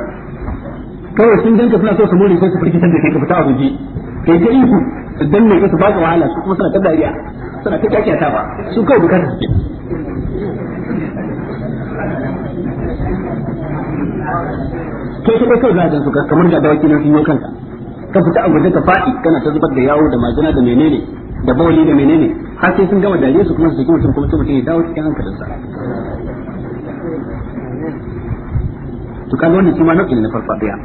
kawai sun ganka suna so su more sai su firgitar da kai ka fita a guje kai ta ihu dan ne ka su baka wahala su kuma suna ta dariya suna ta kyakkyata ba su kawai bukatar su kai shi kai za a su kamar ga dawaki nan sun yi kanka ka fita a guje ka faɗi kana ta zubar da yawo da majina da menene da bawali da menene har sai sun gama dariya su kuma su ji mutum kuma su mutum ya dawo cikin hankalinsa to kan wannan shi ma nau'i na farfadiya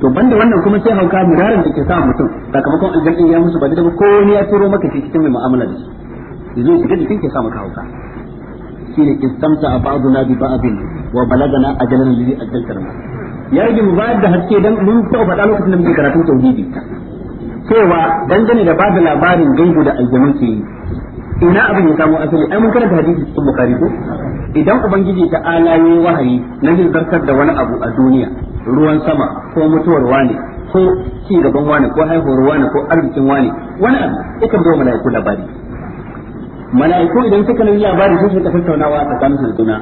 to banda wannan kuma sai hauka miraran da ke sa mutum sakamakon aljannin ya musu ba da ko wani ya turo maka cikin mai mu'amala da shi yanzu shiga cikin ke sa maka hauka shine ne istamta a ba'duna bi ba'din wa balagana ajalan ajal karma ya yi mu bayar da haske dan mun taɓa faɗa lokacin da muke karatu tauhidi cewa dangane da bada labarin gaibu da aljanu ke yi ina abin ya samu asali ai mun karanta hadisi cikin bukari ko idan ubangiji ta alaye wahayi na yin zartar da wani abu a duniya ruwan sama ko mutuwar wani ko ci gaban wani ko haihuwar wani ko arzikin wani wani abu yakan bai wa mala'iku labari mala'iku idan suka nemi labari sai su tattaunawa a tsakanin su juna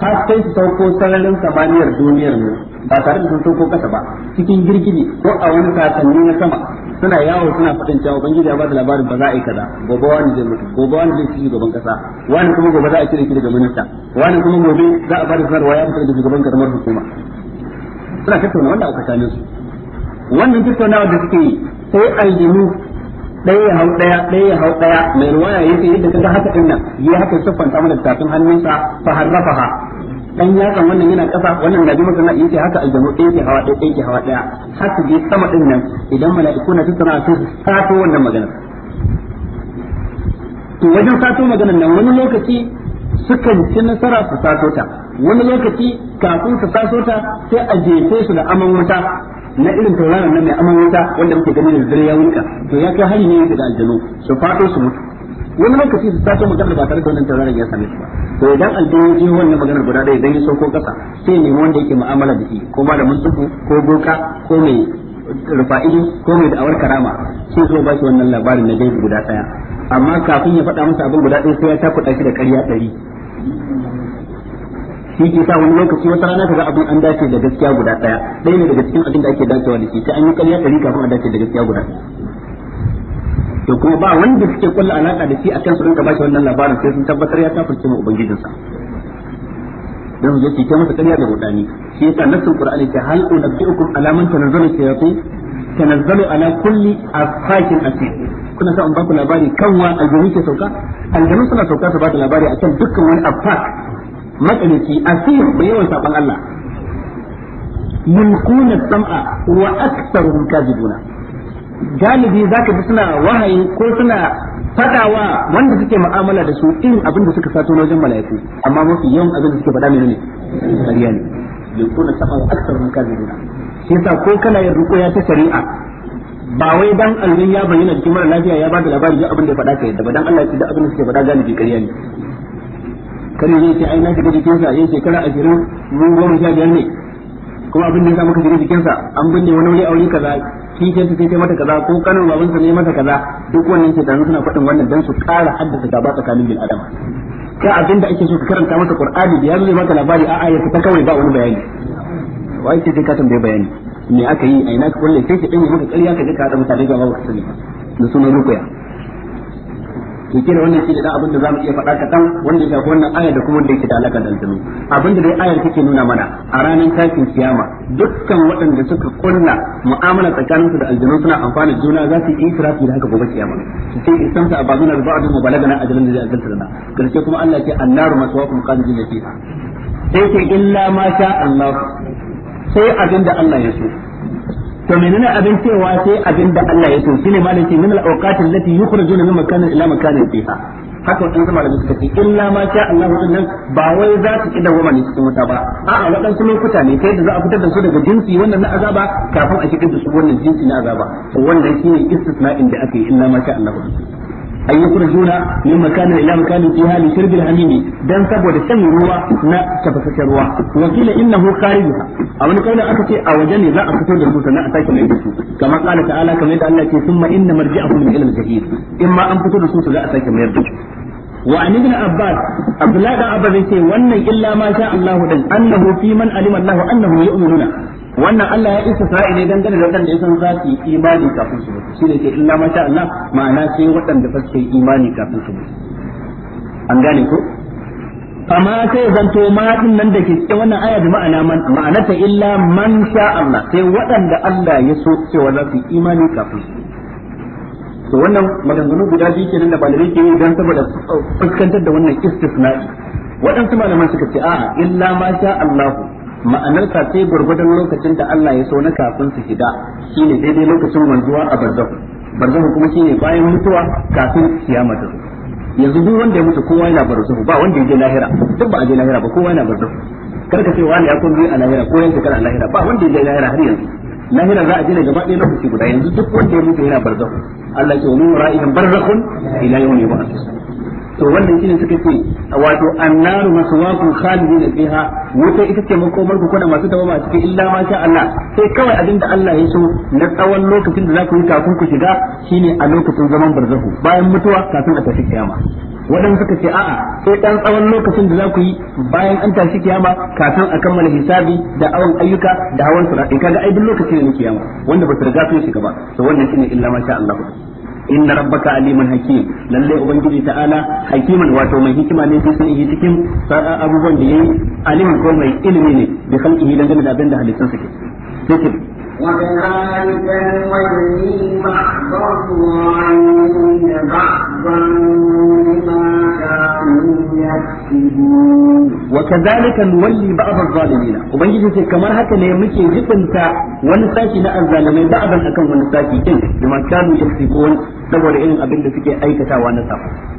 har sai su sauko sararin samaniyar duniyar mu ba tare da sun sauko kasa ba cikin girgiji ko a wani sasanni na sama suna yawo suna fadin cewa ubangiji ya ba da labarin ba za a yi kaza gobe wani zai mutu gobe wani zai ci gaban kasa wani kuma gobe za a cire shi daga minista wani kuma gobe za a bada sanarwa ya fitar da shugaban karamar hukuma suna tattaunawa wannan a tsakanin su wannan tattaunawa da suke yi sai aljinu ɗaya hau ɗaya ɗaya hau ɗaya mai ruwaya ce yadda kaga haka ɗin nan ya haka siffanta mana tafin hannunsa fa ha dan yatsan wannan yana ƙasa wannan gaji masa na yake haka aljanu ɗaya ke hawa ɗaya ke hawa ɗaya haka dai sama ɗin nan idan mala'iku na tattauna su sato wannan magana to wajen sato maganar nan wani lokaci sukan ci nasara su sato ta wani lokaci kafin su sato ta sai a jefe su da aman wuta na irin tauraron nan mai aman wuta wanda muke ganin da dare ya wuta to ya kai hari ne yake da aljanu su fado su mutu wani lokaci su mu magana ba tare da wannan tauraron ya same su ba to idan aljanu ji wannan maganar guda ɗaya idan ya sauko ƙasa sai nemi wanda yake mu'amala da shi ko ba da mutsuku ko goka ko mai rufa'i ko mai da'awar karama sai zo ba shi wannan labarin na gaibi guda ɗaya amma kafin ya faɗa masa abin guda ɗaya sai ya takuɗa shi da ƙarya ɗari shi ke sa wani lokaci wata rana kaga abin an dace da gaskiya guda daya ɗaya ne daga cikin abin da ake dacewa da shi sai an yi kariya ɗari kafin a dace da gaskiya guda to kuma ba wanda suke kulla alaka da shi a kan su rinka bashi wannan labarin sai sun tabbatar ya kafirce mu ubangijinsa dan yake ta masa kariya da rudani shi yasa nassin qur'ani ta hal unabbiukum ala man tanazzalu shayatin tanzalu ala kulli afakin asir kuna sa an baku labari kan wa aljanu ke sauka aljanu suna sauka su ba da labari kan dukkan wani afak a asir bai yawan saban Allah yulkuna sam'a wa aktsaruhum kadibuna galibi zaka ji suna wahayi ko suna fadawa wanda suke mu'amala da su irin abin da suka sato wajen mala'iku amma mafi yawan abin da suke faɗa ne ƙarya ne yulkuna sam'a wa aktsaruhum kadibuna shi yasa ko kana yin ruqya ta shari'a ba wai dan alwin ya bayyana cikin mara lafiya ya ba da labari abin da ya faɗa ka yadda ba dan Allah ya ce da abin da suke faɗa galibi ƙarya ne kar yanzu sai ai na shiga jikinsa yin shekara ashirin mun goma sha biyar ne kuma abin da ya sa muka shiga jikinsa an binne wani wuri aure kaza shi ta sai mata kaza ko kanin babansa ne mata kaza duk wannan ke tanu suna faɗin wannan dan su ƙara haddasa gaba tsakanin bil adama ka abin da ake so ka karanta masa qur'ani da yanzu zai maka labari a ayatu ta kawai ba wani bayani wai ce ka tambaye bayani me aka yi a ina ka kulle sai ka dinga maka ƙarya ka je ka hada mutane ga ba ka sani da sunan rukuya to da wannan shi da abin da zamu iya faɗa kaɗan wanda ya shafi wannan aya da kuma wanda yake da alaka da aljanu abin da dai ayar take nuna mana a ranar tashin kiyama dukkan waɗanda suka kulla mu'amala su da aljanu suna amfana juna za su yi israfi da haka gobe kiyama su ce istamta abaduna ba'dun wa balagana ajalin da zai azalta lana karshe kuma Allah ya annaru maswaqum qalidin fiha sai ke illa ma sha Allah sai abin da Allah ya so to menene abin cewa sai abin da Allah ya so shine malaki min al-awqatin lati yukhrajuna min makanin ila makanin fiha haka wadansu malamai suka ce illa ma sha Allah nan ba wai za su kida goma ne cikin wuta ba a'a wadansu lokuta ne kai da za a fitar da su daga jinsi wannan na azaba kafin a shigar da su wannan jinsi na azaba wannan shine istisna'in da aka yi illa ma sha Allah ay yakhrujuna min makanin ila makanin fi hali shirbil hamimi dan saboda shan ruwa na ruwa wa kila innahu kharijuha aka ce a waje ne za a fito da a sake mai su kamar qala ta'ala kamar yadda Allah ke summa inna marji'ahum ila al-jahil in ma an fito da su za a sake da su wa an ibn abbas abbas yace wannan illa ma sha Allah dan annahu fi man alima Allah annahu yu'minuna wannan Allah ya isa sa'i ne dangane da waɗanda ya san za su yi imani kafin su mutu ne ke illa masha Allah ma'ana sai waɗanda fa suka imani kafin su mutu an gane ko amma sai zanto ma din nan da ke cikin wannan aya da ma'ana man illa man sha Allah sai waɗanda Allah ya so cewa za su yi imani kafin su to wannan maganganu guda biyu kenan da balibai ke yi don saboda fuskantar da wannan istisna'i waɗansu malaman suka ce a'a illa ma sha Allahu ma'anar ka sai gurgudan lokacin da Allah ya so na kafin su shiga shine daidai lokacin wanzuwa a barzakh barzakh kuma shine bayan mutuwa kafin kiyama ta zo yanzu duk wanda ya mutu kowa yana barzakh ba wanda ya je lahira duk ba a je lahira ba kowa yana barzakh kar ka ce wani ya kun a lahira ko yanka kana lahira ba wanda ya je lahira har yanzu lahira za a je gaba ɗaya lokaci guda yanzu duk wanda ya mutu yana barzakh Allah ya ce wa min ra'ihim barzakhun ila yawmi ba'ath to wannan shine suka ce wato annaru maswaqu khalidina fiha wuta ita ce makomar ku kuna masu tawaba cikin illa ma sha Allah sai kawai abin da Allah ya so na tsawon lokacin da za ku yi takun ku shiga shine a lokacin zaman barzahu bayan mutuwa kafin a tafi kiyama waɗanda suka ce a'a sai dan tsawon lokacin da za ku yi bayan an tashi kiyama kafin a kammala hisabi da awon ayyuka da hawan sura in eh, kaga ai duk lokacin ne kiyama wanda ba su riga sun shiga ba to wannan shine illa ma sha Allah inna rabbaka aliman hakim lalle ubangiji ta'ala hakiman wato mai hikima ne fi sun yi cikin abubuwan da yayi aliman ko mai ilimi ne bi khalqihi dangane da abin da halittun suke sai وكذلك نولي بعض الظالمين ba. wa kadhalika nuwalli ba'd az-zalimin ubangiji sai kamar haka ne muke jibinta wani sashi na azzalimai ba'dan akan wani sashi din bima kanu yafsikun saboda irin abin da suke aikatawa na safa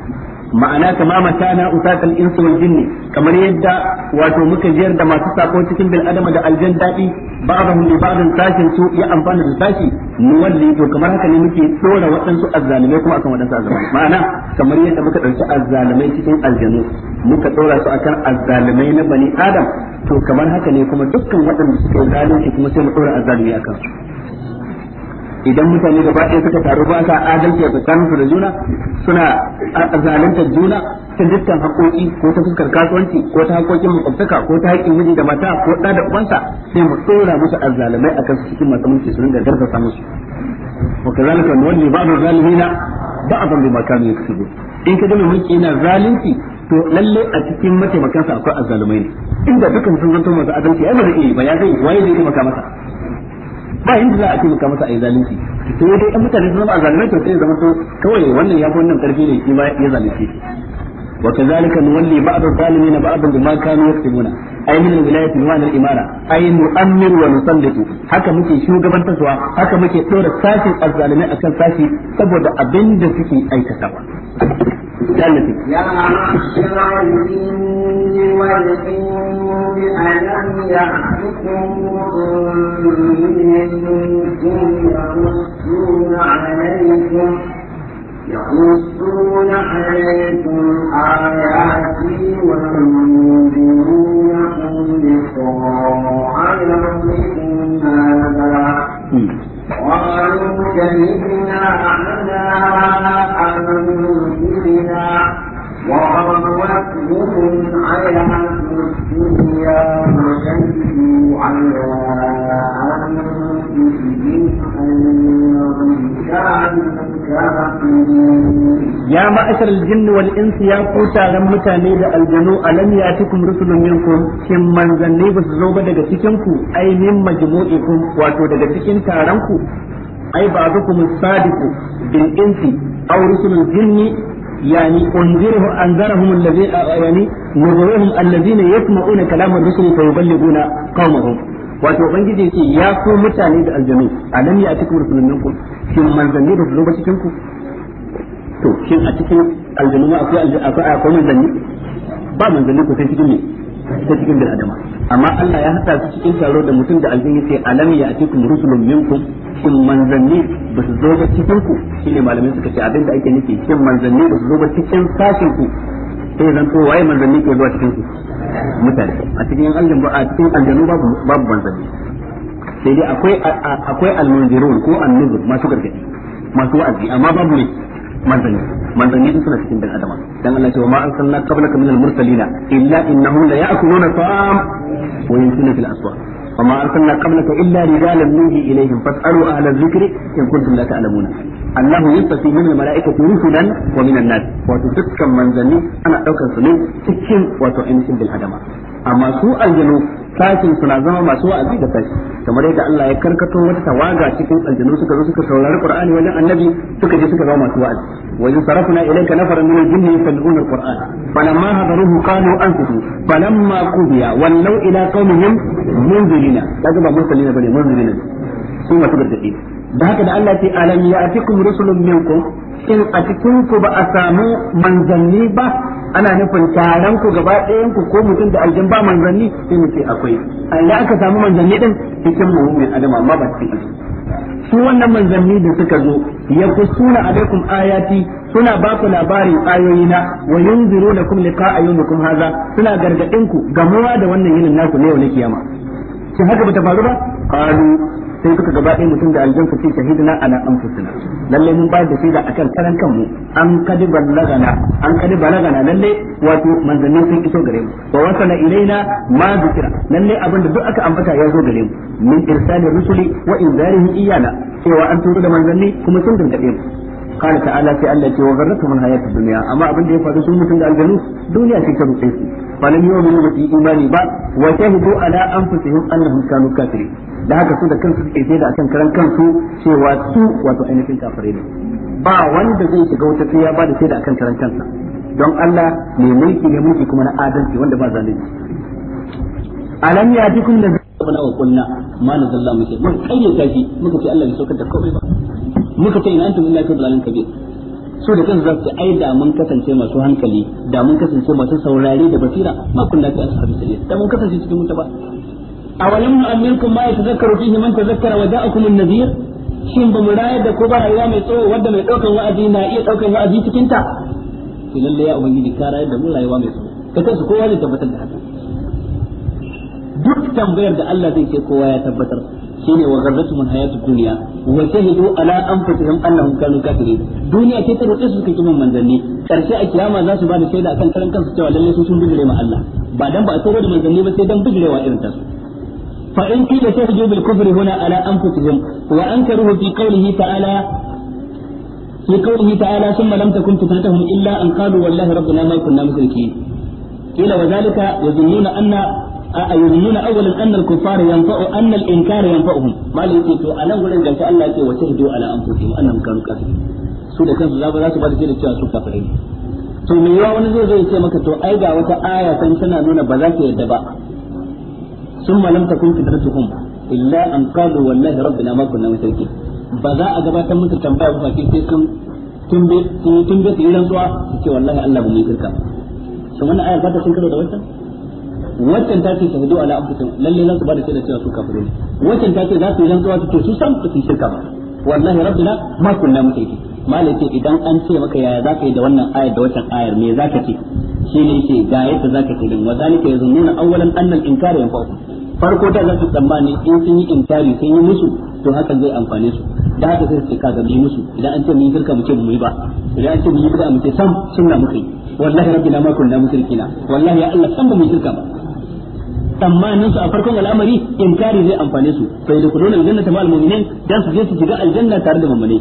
ma'ana kama matana usakal insu wal jinni kamar yadda wato muka jiyar da masu sako cikin bil adama da aljan dadi ba'dahum li ba'din sashin su ya amfana da sashi mu walli to kamar haka ne muke dora waɗansu azzalimai kuma akan waɗansu azzalimai ma'ana kamar yadda muka dauki azzalimai cikin aljanu muka dora su akan azzalimai na bani adam to kamar haka ne kuma dukkan waɗanda suke zalunci kuma sai mu dora azzalimi akan su idan mutane gaba ɗaya suka taru ba sa adalci a su da juna suna zalantar juna ta dukkan haƙoƙi ko ta fuskar kasuwanci ko ta haƙoƙin makwabtaka ko ta haƙƙin miji da mata ko ɗa da uwansa sai mu tsora musu azzalamai a kansu cikin masu mulki su ringa garzasa musu wa kazalika nuwalli ba'd az-zalimina zambi bima kanu yaksubun in ka gama mulki yana zalunci to lalle a cikin mataimakansa akwai azzalumai ne inda dukkan sun zanto masu adalci ai ba zai iya ba ya zai waye zai taimaka masa ba inda za a ce maka masa ai zalunci to dai an mutane su zama a zalunci to sai zama to kawai wannan ya fi wannan karfi ne shi ma ya zalunci wa kazalika nuwalli ba'd az-zalimin ba'd ma kanu yaktumuna ay min al-wilayati wa al-imara ay nu'ammir wa nusallitu haka muke shugabantarwa haka muke dora sashi az-zalimin akan sashi saboda abinda suke aikata التي يا معشر الجن والإنس ألم يأتكم منكم يقصون عليكم يقصون عليكم آياتي وينذرونكم لقاء يومكم هذا قالوا شهدنا على أنفسنا وراودتهم على الدنيا وشهدوا على أنفسهم ya ma'ashar aljinni wal insi ya ku taron mutane da aljanu alam yatikum rusulun minkum shin manzanni ba su zo ba daga cikin ku ai min majmu'ikum wato daga cikin taron ku ai ba'dukum sadiqu bil insi aw rusulul jinni يعني انذرهم انذرهم الذين يعني نذرهم الذين يسمعون كلام الرسل فيبلغون قومهم wato ubangiji yake ya so mutane da aljanu nan ya atikum rasulun ku shin manzanni ba su zo ba cikin ku to shin a cikin aljanu ma akwai akwai akwai manzanni ba manzanni ko sai cikin ne sai cikin bil adama amma Allah ya hada su cikin taro da mutum da aljanu sai alam ya atikum rusulun ku shin manzanni ba su zo ba cikin ku shine malamin suka ce abinda ake nufi shin manzanni ba su zo ba cikin sashin ku sai zan to waye manzanni ke zuwa cikin mutane a cikin aljanu ba a cikin aljanu babu babu manzanni sai dai akwai akwai almunzirun ko annuzur masu gargadi masu wa'azi amma babu ne manzanni manzanni sun suna cikin dan adama dan Allah ce wa ma arsalna qablaka minal mursalina illa innahum la ya'kuluna ta'am wa yamshuna fil aswaq وما أرسلنا قبلك illa رجالا نوحي إليهم فاسألوا أهل الذكر إن كنتم لا تعلمون Allahu yusafi min al rusulan wa min an-nas wato dukkan manzanni ana daukar su ne cikin wato ainihin bil adama amma su aljanu sashin suna zama masu wa'azi da sashi kamar yadda Allah ya karkato wata tawaga cikin aljanu suka zo suka saurari Qur'ani wajen annabi suka je suka zama masu wa'azi wajen sarafuna ilayka nafaran min al-jinni yasma'una al-Qur'an falamma hadaruhu qalu falamma qudiya ila qaumihim munzirina kaga ba musalina bane munzirina su masu gargadi da haka da Allah ce alam ya'tikum rusulun minkum in a cikin ku ba a samu manzanni ba ana nufin taron ku gaba ɗayan ku ko mutum da aljin ba manzanni sai mu ce akwai Allah aka samu manzanni din cikin mu mai adam amma ba cikin su wannan manzanni da suka zo ya kusuna alaikum ayati suna ba ku labarin ayoyina wa yunziru lakum liqa'a yawmikum haza suna gargadin ku gamuwa da wannan yinin naku ne yau na kiyama shin haka bata faru ba qalu sai duka gaba ɗaya mutum da aljan su ce shahidina ana fusina lalle mun bayar da shaida akan karan kanmu an kadi balagana an kadi balagana lalle wato manzannin sun iso gare mu wa wasala ilaina ma zikira lalle abin da duk aka ambata ya zo gare mu min irsalir rusuli wa inzarihim iyana cewa an turo da manzanni kuma sun dangade mu قال تعالى في التي وغرتهم الحياة الدنيا أما أبن دي فادسون مثل الجنوس دنيا تكتب سيسي فلم يؤمنوا في إيماني بعد وشهدوا على أنفسهم أنهم كانوا كافرين da haka su da kansu suke sai da akan karan kansu cewa su wato ainihin kafare ne ba wanda zai shiga wata sai ya ba da sai da akan karan kansa don Allah mai mulki ne mulki kuma na adalci wanda ba zalunci alam ya dukun da zai bana wa kunna ma na muke mun kai ne muka ce Allah da komai ba muka ce in antum illa fi dalalin kabir su da kansu za su ai da mun kasance masu hankali da mun kasance masu saurare da basira ma kun da kan sahabi sai da mun kasance cikin mutaba wani nu'ammirkum ma yatazakkaru fihi man tazakkara wa ja'akum an-nadhir shin ba mu rayar da ko ba rayuwa mai tsawo wanda mai daukan wa'azi na iya daukan wa'azi cikin ta to lalle ya ubangiji ka rayar da mu rayuwa mai tsawo ka kansu kowa zai tabbatar da haka duk tambayar da Allah zai ce kowa ya tabbatar shine wa garratu man hayatu dunya wa shahidu ala anfusihim annahum kanu kafirin duniya ce ta roƙe su suka kimin manzanni karshe a kiyama za su ba da shaida akan karan kansu cewa lalle su sun bijire ma Allah ba dan ba a tsoro da manzanni ba sai dan bijirewa irin ta su fa in qila shahidu bil kufri huna ala anfusihim wa ankaruhu fi qawlihi ta'ala في قوله تعالى ثم لم تكن فتنتهم إلا أن قالوا والله ربنا ما كنا مشركين قيل وذلك يظنون Anna. أيظنون أولا أن الكفار ينفع أن الإنكار ينفعهم yake لك تو أنا أقول إن الله كي وشهدوا على أنفسهم أنهم كانوا كافرين su da kansu za su ba da shi cewa su kafirai ne to me yawa wani zai zo ya ce maka to ai ga wata aya kan tana nuna ba za ka yadda ba sun malam ta kun fitratuhum illa an qalu wallahi rabbina ma kunna mushrikin ba za a gabatar musu tambaya ba sai sun tumbe tumbe su yi rantsuwa su ce wallahi Allah ba mu shirka to wannan aya ba ta sun karo da wannan waccan ta ce shahidu ala anfusihim lalle za su bada shaida cewa su kafirai ne waccan ta ce za su yi rantsuwa zuwa ce su san su shirka ba wallahi rabbina ma kunna mushriki malai ce idan an ce maka yaya za ka yi da wannan ayar da waccan ayar me za ka ce shi ne ce ga yadda za ka ce din wazalika yazunnuna awwalan annal inkara yanfa'u farko da za su tsammani in sun yi inkari sun yi musu to hakan zai amfane su da haka sai su ce kaga bi musu idan an ce mun shirka mu ce mu yi ba idan an ce mu yi bid'a mu ce sam sunna muke wallahi rabbina ma kunna mushrikina wallahi ya Allah san ba mu shirka ba tsammanin su a farkon al'amari inkari zai amfane su kudurin aljanna ta ma'al mu'minin dan su je su shiga aljanna tare da mamane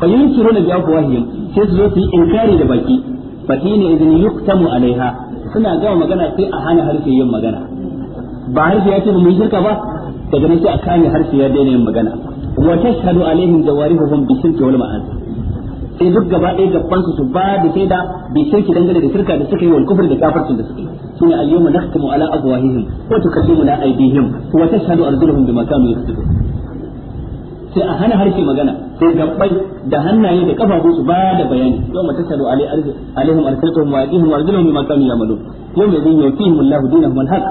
fa yunkiruna bi wahiyin sai su zo su yi inkari da baki fa hina idan yuktamu alaiha suna gama magana sai a hana harshe yin magana ba harshe ya ce mu mu shirka ba daga nan sai a kame harshe ya daina yin magana wa tashhadu alaihim jawarihum bi shirki wal ma'an sai duk gaba ɗaya gaban su su ba da shaida bi shirki dangane da shirka da suka yi wal kufr da kafircin da suka yi shine al-yawma nahkumu ala afwahihim wa tukallimuna aydihim wa tashhadu arjuluhum bima kanu yaksubun sai a hana harshe magana sai gabbai da hannaye da kafafu su ba da bayani yau mata tadu alaihim arsalatuhum wa yadihim arjuluhum bima kanu yamalun yau mai zin mun Allahu dinahum al-haq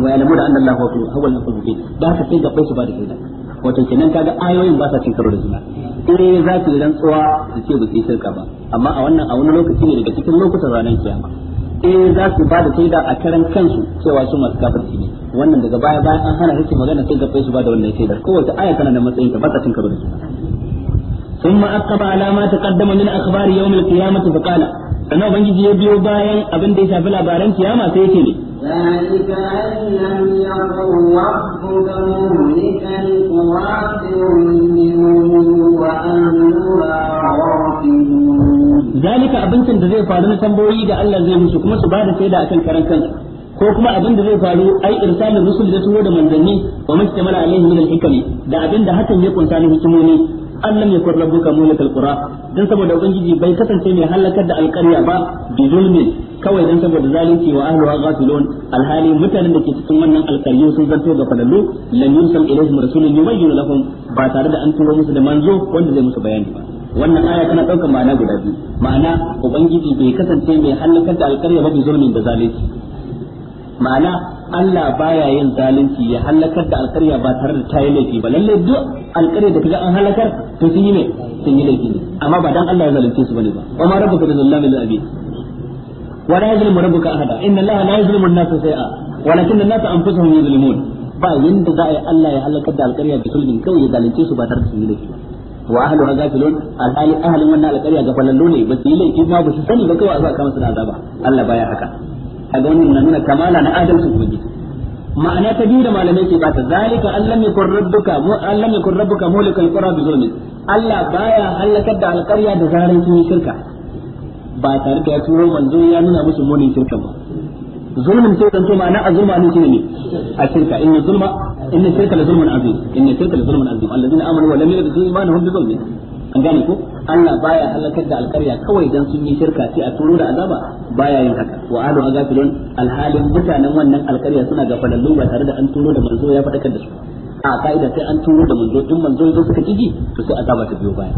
wa ya'lamuna anna Allahu huwa al-haqqul mubin da haka sai gabbai su ba da shaida wato kenan kaga ayoyin ba sa cin karo da juna Eh za ki rantsuwa su ce ba su shirka ba amma a wannan a wani lokaci ne daga cikin lokutan ranar kiyama eh za su ba da shaida a karan kansu cewa su masu kafirci ne wannan daga baya bayan an hana rikin magana sai gabbai su ba da wannan shaida kowace aya tana da matsayin ta ba ta cin karo da su ثم أقب على ما تقدم من أخبار يوم القيامة فقال أنا بنجي يبيو باين أبن دي شافل أبارين قيامة سيتيني ذلك أن لم يكن ربك مهلك القرى من zalika abincin da zai faru na tambayoyi da Allah zai musu kuma su ba da saida akan karan kansu ko kuma abin da zai faru ai irsalin rusul da tuwo da manzanni wa mustamala alaihi min al-hikami da abin da hakan ya kunta na hikimomi Allah ya kun rabbuka mulkal qura dan saboda ubangiji bai kasance mai halakar da alƙarya ba bi zulmin kawai dan saboda zalunci wa ahluha ghafilun alhali mutanen da ke cikin wannan alkaryu sun zanto ga fadallu lam yursal ilayhim rasulun yubayyinu lahum ba tare da an turo musu da manzo wanda zai musu bayani ba wannan aya tana daukar ma'ana guda biyu ma'ana ubangiji bai kasance mai halakar da alkarya ba bi zulmin da zalunci ma'ana Allah baya yin zalunci ya halakar da alkarya ba tare da tayi laifi ba lalle duk alkarya da kaga an halakar to sun yi ne sun yi laifi amma ba dan Allah ya zalunce su bane ba amma rabbuka da zallamin lil abid ولا يظلم ربك أحدا إن الله لا يظلم الناس شيئا ولكن الناس أنفسهم يظلمون ba yanda za a yi Allah ya halakar da a da sulhin kawai ya zalunce su ba tare da su yi laifi wa ahlu hazafilun alhali ahalin wannan alƙarya ga falallo ne ba su yi laifi ba su sani ba kawai a za kama su da azaba Allah haka kaga wannan na nuna kamala na adalci ubangiji ma'ana ta biyu da malamai ke bata zalika Allah ya kun Allah baya halakar da alƙarya da zaran sun shirka ba tare da ya turo manzo ya nuna musu munin shirka ba zulmin sai zanto ma'ana a zulma ne shine a shirka in zulma in shirka la zulmun azim in shirka la zulmun azim alladheena amanu wa lam yalbisu imanuhum bi zulmin an gane ko Allah baya halakar da alƙarya kawai dan sun yi shirka sai a turo da azaba baya yin haka wa alu agafilun alhalin mutanen wannan alƙarya suna gafalallu ba tare da an turo da manzo ya fadakar da su a ka'ida sai an turo da manzo in manzo ya zo suka ciji to sai azaba ta biyo baya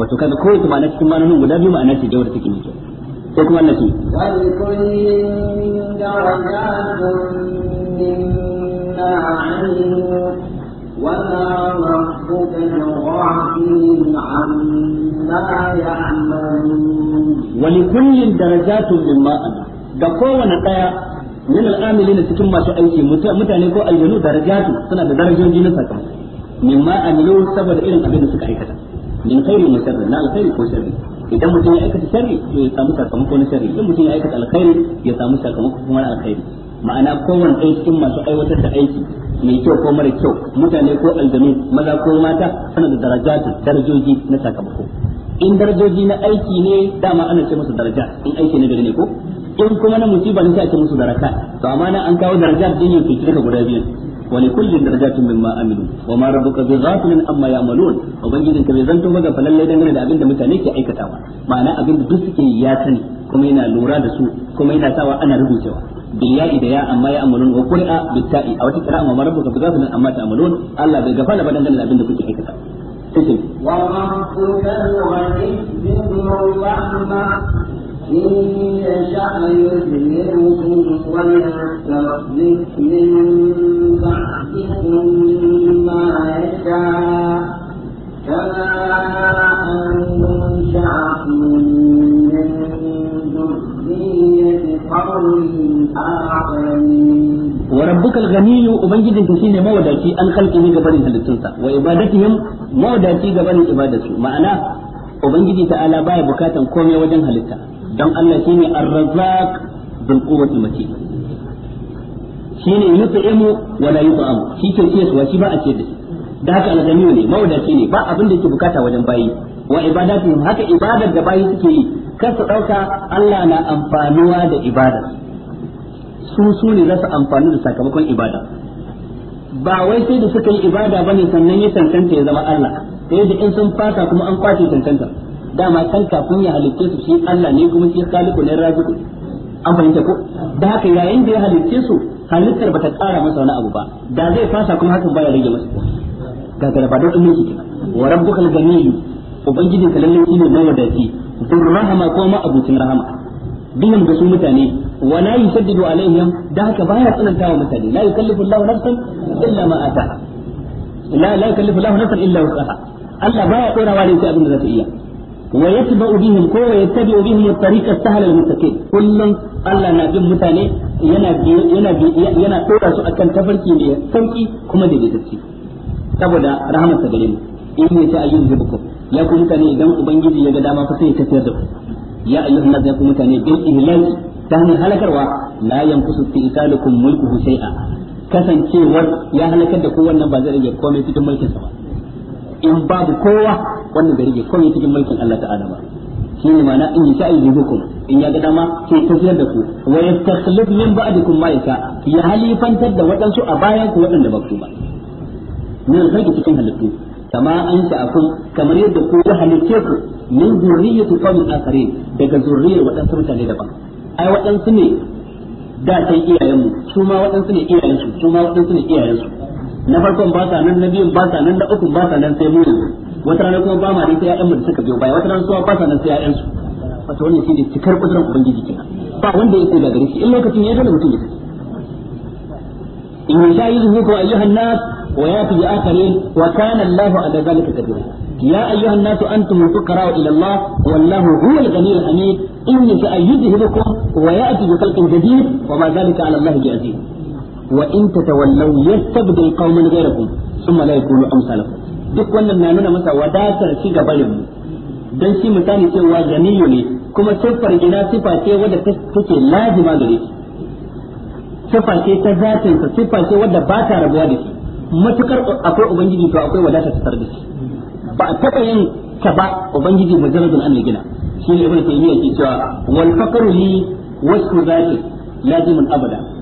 wato kaga kowace ma'ana cikin ma'anonin guda biyu ma'ana ce jawar take mai kyau sai kuma Allah ce walkullin darajatun minna ilmu wa ma rabbuka bighafilin amma ya'malun walikullin darajatun mimma ana da kowane daya min na cikin masu aiki mutane ko aljanu darajatu suna da darajoji na sakamako mimma amilu saboda irin abin da suka aikata min khairi wa na alkhairi ko sharri idan mutum ya aikata sharri to ya samu sakamako na sharri idan mutum ya aikata alkhairi ya samu sakamako kuma na alkhairi ma'ana kowanne ɗaya cikin masu aiwatar da aiki mai kyau ko mara kyau mutane ko aljanu maza ko mata suna da darajatu darajoji na sakamako in darajoji na aiki ne dama ana ce musu daraja in aiki na gari ne ko in kuma na musiba ne sai a ce musu daraka to amma na an kawo daraja din yake kika guda biyu ولكل درجات مما عملوا وما ربك بغافل عما يعملون وبنجدك bai zanto ba ga falalle dangane da abin da mutane ke aikatawa ma'ana abinda da duk suke ya sani kuma yana lura da su kuma yana sawa ana rubucewa billahi da ya amma ya amalun wa qur'a bitta'i a wata qira'a ma rabbuka bighafil amma Allah bai ba dangane da abin da kuke aikatawa الغني ذو الرحمة إن يشأ يذهبكم ويأت بذكر من بعدكم ما يشاء كما أنشأكم من ذرية قوم آخرين وربك الغني أبيد أن تسين مودتي أن خلق من قبل هلتنسى وعبادتهم مودتي قبل عبادته معناه أبيد تعالى باي بكاتا قومي وجن هلتنسى don Allah shine ar-razzaq bil quwwati yi shine yut'imu wala la yut'amu shi ke suwa shi ba a ce da shi da haka alganiyu ne mawadaci ne ba abin da yake bukata wajen bayi wa ibadatu haka ibadar da bayi suke yi kar su dauka Allah na amfanuwa da ibada su su ne za su amfani da sakamakon ibada ba wai sai da suka yi ibada bane sannan ya tantance ya zama Allah sai da in sun fata kuma an kwace tantanta dama kan kafin ya halitta su shi Allah ne kuma shi khaliqu ne raziqu an fahimta ko da haka yayin da ya halitta su halittar bata kara masa wani abu ba da zai fasa kuma hakan baya rage masa Ga ba don annabi kina wa rabbukal ganiyyu ubangijinka lallai shine mawadaci dur rahama ko ma abucin rahama biyan da su mutane wa la yusaddidu alaihim da haka baya tsananta wa mutane la yukallifu Allahu nafsan illa ma ataha la la yukallifu Allahu nafsan illa wusaha Allah baya tsorawa wa ne abin da za ta iya ويتبع بهم كو يتبع بهم الطريق السهل المستقيم كلهم الله na bin mutane yana yana yana tura su akan tafarki ne sauki kuma da dace saboda rahamarsa gare mu in ne sai ayyuhu bikum ya mutane ubangiji ya ga dama fa sai ya tafiyar da ku ya ayyuhan nas ya ku mutane bil ihlal ta hanyar halakarwa la yanqusu fi isalukum mulku shay'a kasancewar ya halakar da ku wannan ba zai rage komai cikin mulkin sa ba in babu kowa wannan bai rage komai cikin mulkin Allah ta'ala ba shine ma'ana in yasha yuzukum in ya ga dama sai tafiyar da ku wa yastakhlif min ba'dikum ma yasha ya halifantar da waɗansu a bayan ku waɗanda ba ku ba min rage cikin halittu kama an sha'akum kamar yadda ku ya halitte ku min zurriyyati qawmin akharin daga zurriyar waɗansu mutane daban ai waɗansu ne da sai iyayenmu su ma waɗansu ne iyayensu su ma waɗansu ne iyayensu na farkon ba sa nan na biyun ba sa nan na uku ba sa nan sai mu yanzu wata rana kuma ba ma dai sai ƴaƴan mu suka biyo baya wata rana kuma ba sa nan sai ƴaƴan su wato wannan shi ne cikar kudurin ubangiji kenan ba wanda ya da gari shi in lokacin ya dole mutum ya tafi in yasha yuzhiku ayyuhan nas wa yati bi akharin wa kana Allahu ala zalika qadira يا أيها الناس أنتم الفقراء إلى الله والله هو الغني الحميد إن يشاء يذهبكم ويأتي بخلق جديد وما ذلك على الله بعزيز wa تتولوا يستبدل yastabdil غيركم ثم لا يكونوا yakunu amsalakum duk wannan na nuna masa wadatar shi ga barin mu dan shi misali cewa jamiyu ne kuma siffar gina sifa ce wadda take lazima gare shi sifa ce ta zatin sa sifa ce wadda ba ta rabuwa da shi matukar akwai ubangiji to akwai wadatar ta da shi ba a taɓa yin ta ba ubangiji mujarradun an gina shi ne ibn taymiya ke cewa wal faqru li wasfu zati lazimun abada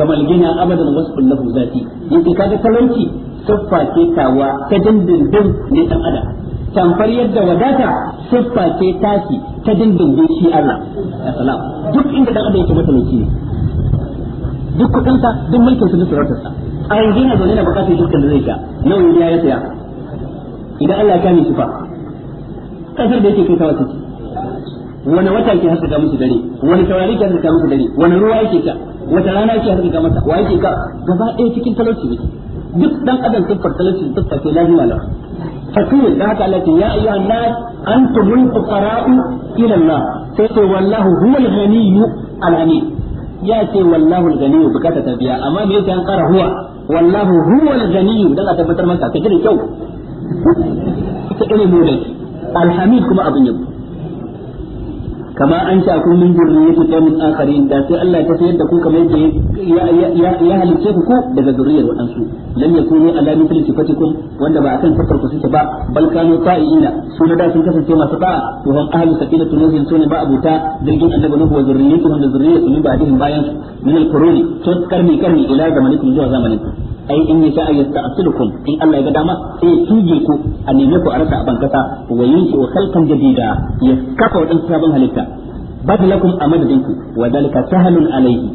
kamal gina abadan wasfun lahu zati yace kaga talauci siffa ce tawa ta dindindin ne dan adam tamfar yadda wadata siffa ce tashi ta dindindin shi Allah assalam duk inda dan adam yake matalauci ne duk kudin kudinsa duk mulkin su duk sarautarsa a yanzu yana zaune na bukatar dukkan da zai sha nawa ya ya saya idan Allah ya kame shi fa kasar da yake kai ta wata wani wata yake haskaka musu dare wani taurari yake haskaka musu dare wani ruwa yake ka wata rana yake haskaka masa wa yake ka gaba ɗaya cikin talauci ne duk dan adam siffar talauci siffa ce lazima lahu fakir da haka Allah ce ya ayyuha nas antumul fuqara'u ila Allah sai ce wallahu huwal ghaniyyu al-ghani ya ce wallahu al-ghaniyyu bukata ta biya amma me yake an kara huwa wallahu huwal ghaniyyu dan a tabbatar masa kake da kyau ta ilimi da alhamid kuma abin yabo kama an ta kun min zurriyyati qaumin akharin da sai Allah ya sayar da ku kamar yadda ya halice ku daga zuriyar wadansu lam yakunu ala mithli sifatikum wanda ba a kan ku suke ba bal kanu ta'ina su da sun kasance masu ba'a to hum ahlu sakinatu nuzul sune ba abuta jirgin annabi nuhu wa zurriyyatu wa zurriyyatu min ba'dihim bayan min al-quruni to karmi karmi ila zamanikum zuwa zamanikum ai in yasha ay yasta'silukum in Allah ya ga dama sai tuje ku a neme ku a rasa a bankasa wa wa khalqan jadida ya kafa sabon halitta a madadinku wa dalika sahlun alayhi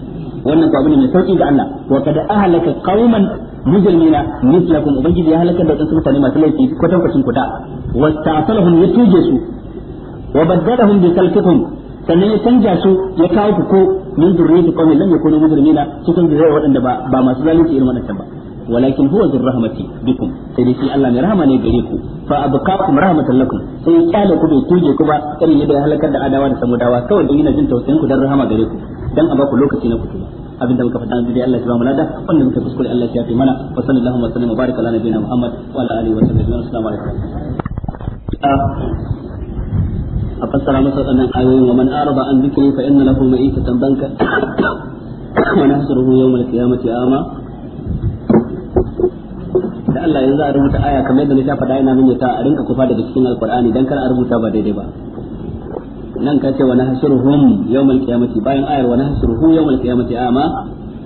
wannan ko ne mai sauki ga Allah wa ahlaka qauman mislakum ubangiji ya halaka da masu laifi kwatan kwatan kuda wa ta'salahum ya tuje su wa bi sannan ya canja su ya kawo ku ko min durriyati qaumin lam yakunu mujrimina cikin zuriyar waɗanda ba ba masu zalunci irin waɗannan ba walakin huwa zur rahmati bikum sai dai shi ne gare ku fa abqakum rahmatan lakum sai ku bai tuje ku ba irin yadda ya da adawa da samudawa kawai dan yana jin tausayin ku dan rahama gare ku dan a baku lokaci na kutuba abinda muka faɗa dai Allah ya ba mu lada wanda muka kuskure Allah ya fi mana wa sallallahu wa sallam ah, a inna ama da Allah yanzu a rubuta aya kamar yadda na sha faɗa ina mun yata a rinka kufa daga cikin alqur'ani dan kar a rubuta ba daidai ba nan ka ce wa nahshuruhum yawmal qiyamati bayan ayar wa nahshuruhum yawmal qiyamati ama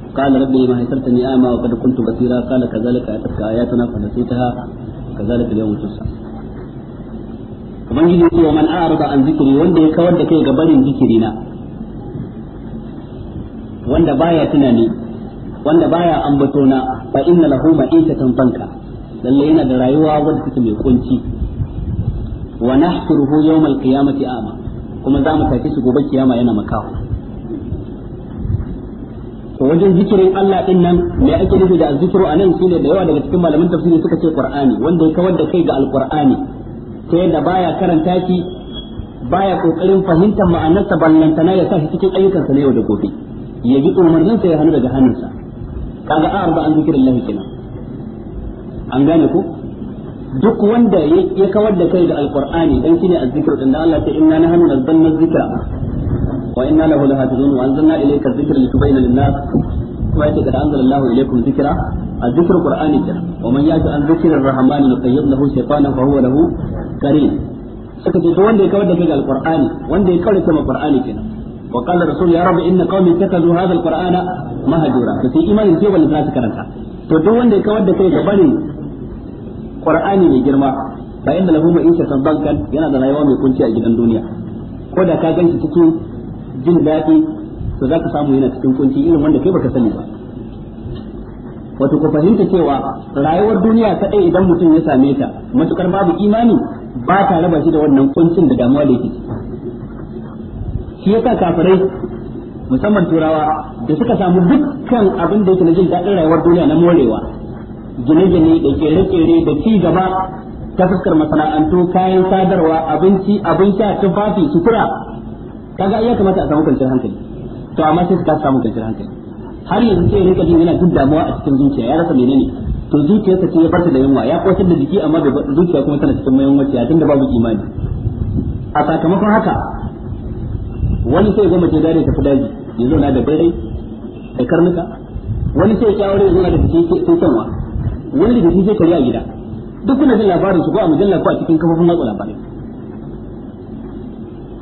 قال رب لما هيسرتني أعمى kuntu basira بصيرا قال كذلك أتتك آياتنا فنسيتها كذلك اليوم tusa ubangiji ce wa man a'rada an zikri wanda ya kawar da kai ga barin wanda baya tunani wanda baya ambato na fa inna lahu ma'isatan banka lalle yana da rayuwa wanda take mai kunci wa nahsuruhu yawmal qiyamati ama kuma za mu tafi su gobe kiyama yana makawa. to wajen zikirin Allah din nan me ake nufi da zikiru anan shine da yawa daga cikin malaman tafsiri suka ce Qur'ani wanda ya kawar da kai ga Al-Qur'ani ta yadda baya karanta shi baya kokarin fahimtar ma'anarsa ballantana ya sa shi cikin ayyukansa na yau da gobe ya ji umarninsa ya hannu daga hannunsa kaga an arba an zikirin lahi kenan an gane ku duk wanda ya kawar da kai da alqur'ani dan shine azzikr din da Allah ta inna nahnu nazzalna zikra wa inna lahu lahafizun wa anzalna ilayka dhikra litubayyana lin-nas wa yadda anzala Allahu ilaykum dhikra الذكر القرآن كنا ومن يأت عن ذكر الرحمن نقيض له شيطانا فهو له كريم سكت wanda ya kawar da kai ga alqur'ani wanda ya kawar da kai alqur'ani kenan وقال الرسول يا رب ان قومي اتخذوا هذا القران مهجورا ففي ايمان جيب ولا ذات karanta to duk wanda ya kawar da kai ga barin qur'ani mai girma fa inna yana da rayuwa mai kunci a gidan duniya ko da ka ganshi cikin jin daɗi to zaka samu yana cikin kunci irin wanda kai baka sani ba wato ku fahimta cewa rayuwar duniya kaɗai idan mutum ya same ta matukar babu imani ba ta raba shi da wannan kuncin da damuwa da yake shi yasa kafirai musamman turawa da suka samu dukkan abin da yake na jin daɗin rayuwar duniya na morewa gine-gine da kere-kere da ci gaba ta fuskar masana'antu kayan sadarwa abinci abin sha tufafi sutura kaga iya kamata a samu kwanciyar hankali to amma sai suka samu kwanciyar hankali har yanzu sai rika jin yana jin damuwa a cikin zuciya ya rasa menene to zuciyarsa ce ya farta da yunwa ya kosar da jiki amma da zuciya kuma tana cikin mayan wacce da babu imani a sakamakon haka wani sai goma ce dare tafi daji ya zo na da barai da karnuka wani sai ya aure ya zauna da fice sai kanwa wani da fice kare a gida duk kuna jin labarin su ko a mujalla ko a cikin kafofin watsa labarai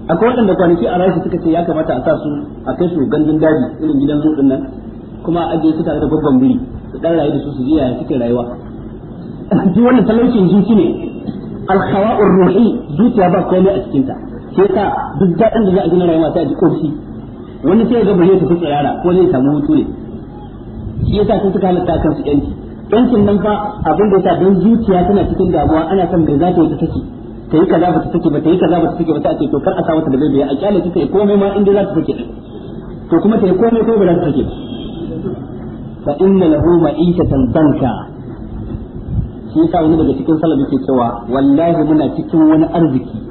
akwai waɗanda kwanaki a rashi suka ce ya kamata a sa su a kai su gandun daji irin gidan zo nan kuma a ajiye su tare da babban biri su ɗan rayu da su su ji yaya suke rayuwa duk wannan talaucin jinki ne alhawa'ur ruhi zuciya ba komai a cikinta sai sa duk daɗin da za a gina rayuwa ta ji ƙoshi wani sai ga bare ta fi tsirara ko zai samu hutu ne shi sa sun suka halatta kan su yanci ƴancin nan fa abin da ya sa don zuciya tana cikin damuwa ana son bai za ta yi ta take ta yi kaza ba ta take ba ta yi kaza ba ta take ba ta ce to kar a sa mata da bai a kyale ta yi komai ma inda za ta take to kuma ta yi komai ko ba za ta take fa inna lahu ma'ishatan banka shi sa wani daga cikin salabi ke cewa wallahi muna cikin wani arziki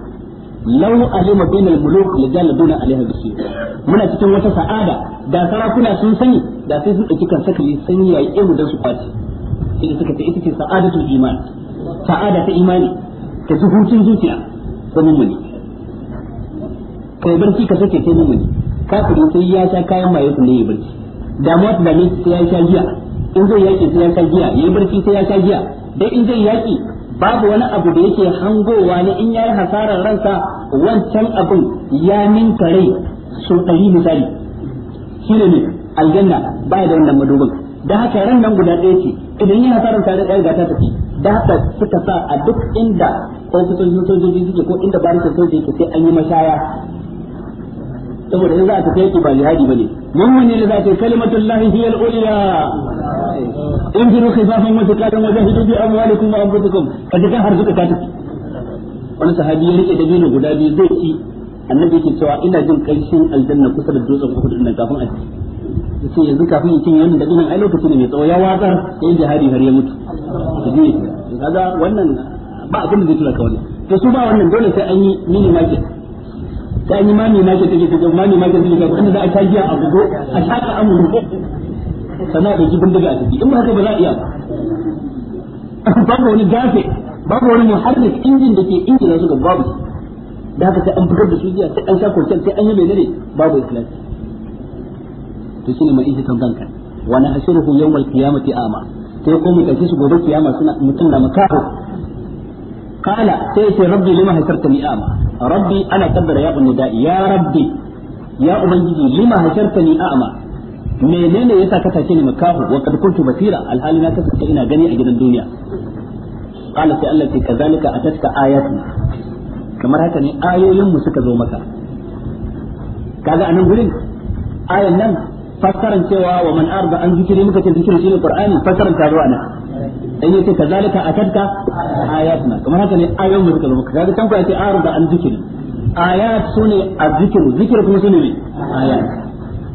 law alima bainal muluk la jaladuna alaiha bisi muna cikin wata sa'ada da sarakuna sun sani da sai sun dauki kan sakali sun yayi emu dan su kwace sai suka ce ita ce sa'adatul iman sa'ada ta imani ta ji zuciya ko mummuni kai barci ka sake ta kai mummuni kafiri sai ya sha kayan maye su ne ya barci damuwa ta dame sai ya sha giya in zai yaki sai ya sha giya yayi barci sai ya sha giya dai in zai yaki babu wani abu da yake hangowa ne in yayi hasarar ransa wancan abin ya min rai su ɗari misali shi ne aljanna ba da wannan madubin da haka ran nan guda ɗaya ce idan yi hasarar ta ɗaya ga ta tafi da haka suka sa a duk inda ofisoshin sojoji suke ko inda barikin sojoji ke sai an yi mashaya saboda in za a tafi ba jihadi ba ne mummuni da zai kalimatul lahi hiya al-ulya infiru khifafan wa thiqalan wa jahidu bi amwalikum wani sahabi ya rike dabino guda biyu zai ci annabi cewa ina jin aljanna kusa da dutsen kafin a sai yanzu kafin ya cinye ai lokaci ne mai tsawo ya watsar sai jihadi har ya mutu kaga wannan ba abin da zai tura ka to su ba wannan dole sai an yi mini market sai an yi mami ma ke take kaza mami ma ke take kaza inda za a tajiya a gugo a shaka amuru sana da ki daga a ciki in ba haka ba za a iya babu wani gafe babu wani muharrik injin da ke injina su ga babu da haka sai an fitar da su jiya sai an sha kwanciyar sai an yi menene babu ikhlasi to shine mai iji kan kanka wa na ashiruhu yawmal qiyamati ama sai ko mu kace su gobe kiyama suna mutum na makaho kala sai ce rabbi lima haifar ni ni'ama. rabbi ana kaddara ya bunni da'i ya rabbi ya ubangiji lima hashartani a'ma menene yasa ka take ni makahu wa kad kuntu basira alhali na kasance ina gani a gidan duniya qala sai Allah ce kazalika atatka ayatu kamar haka ne ayoyin mu suka zo maka kaga anan gurin ayan nan fassaran cewa wa man arda an zikiri muka ce zikiri shine qur'ani fassaran ta zo anan dan yace kazalika atadka ayatna kamar haka ne ayoyin mu suka zo maka kaga kan fa yace aru da azzikri ayat sune azzikru zikr kuma sune ne ayat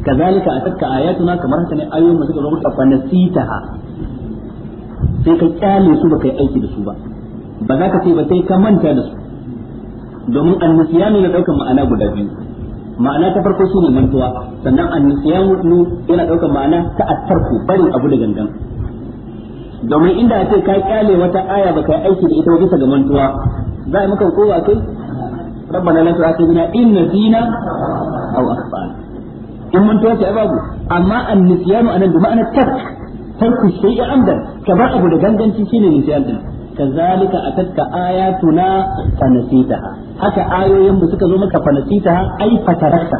kazalika atadka ayatuna kamar haka ne ayoyin mu suka zo maka sitaha sai ka kyale su baka yi aiki da su ba ba za ka ce ba sai ka manta da su domin annisiyanu na daukan ma'ana guda biyu ma'ana ta farko shine mantuwa sannan annisiyanu yana daukan ma'ana ta attarku bari abu da gangan domin inda a ce ka kyale wata aya ba ka aiki da ita ba bisa ga mantuwa za a maka kowa kai rabbana la tu'akhidna in nasina aw akhtana in mantuwa ce babu amma an nisyanu anan bi ma'ana tark tarku shay'i amdan ka ba abu da ganganci shine nisyan din kazalika atatka ayatuna fanasitaha haka ayoyin mu suka zo maka fanasitaha ai fatarakta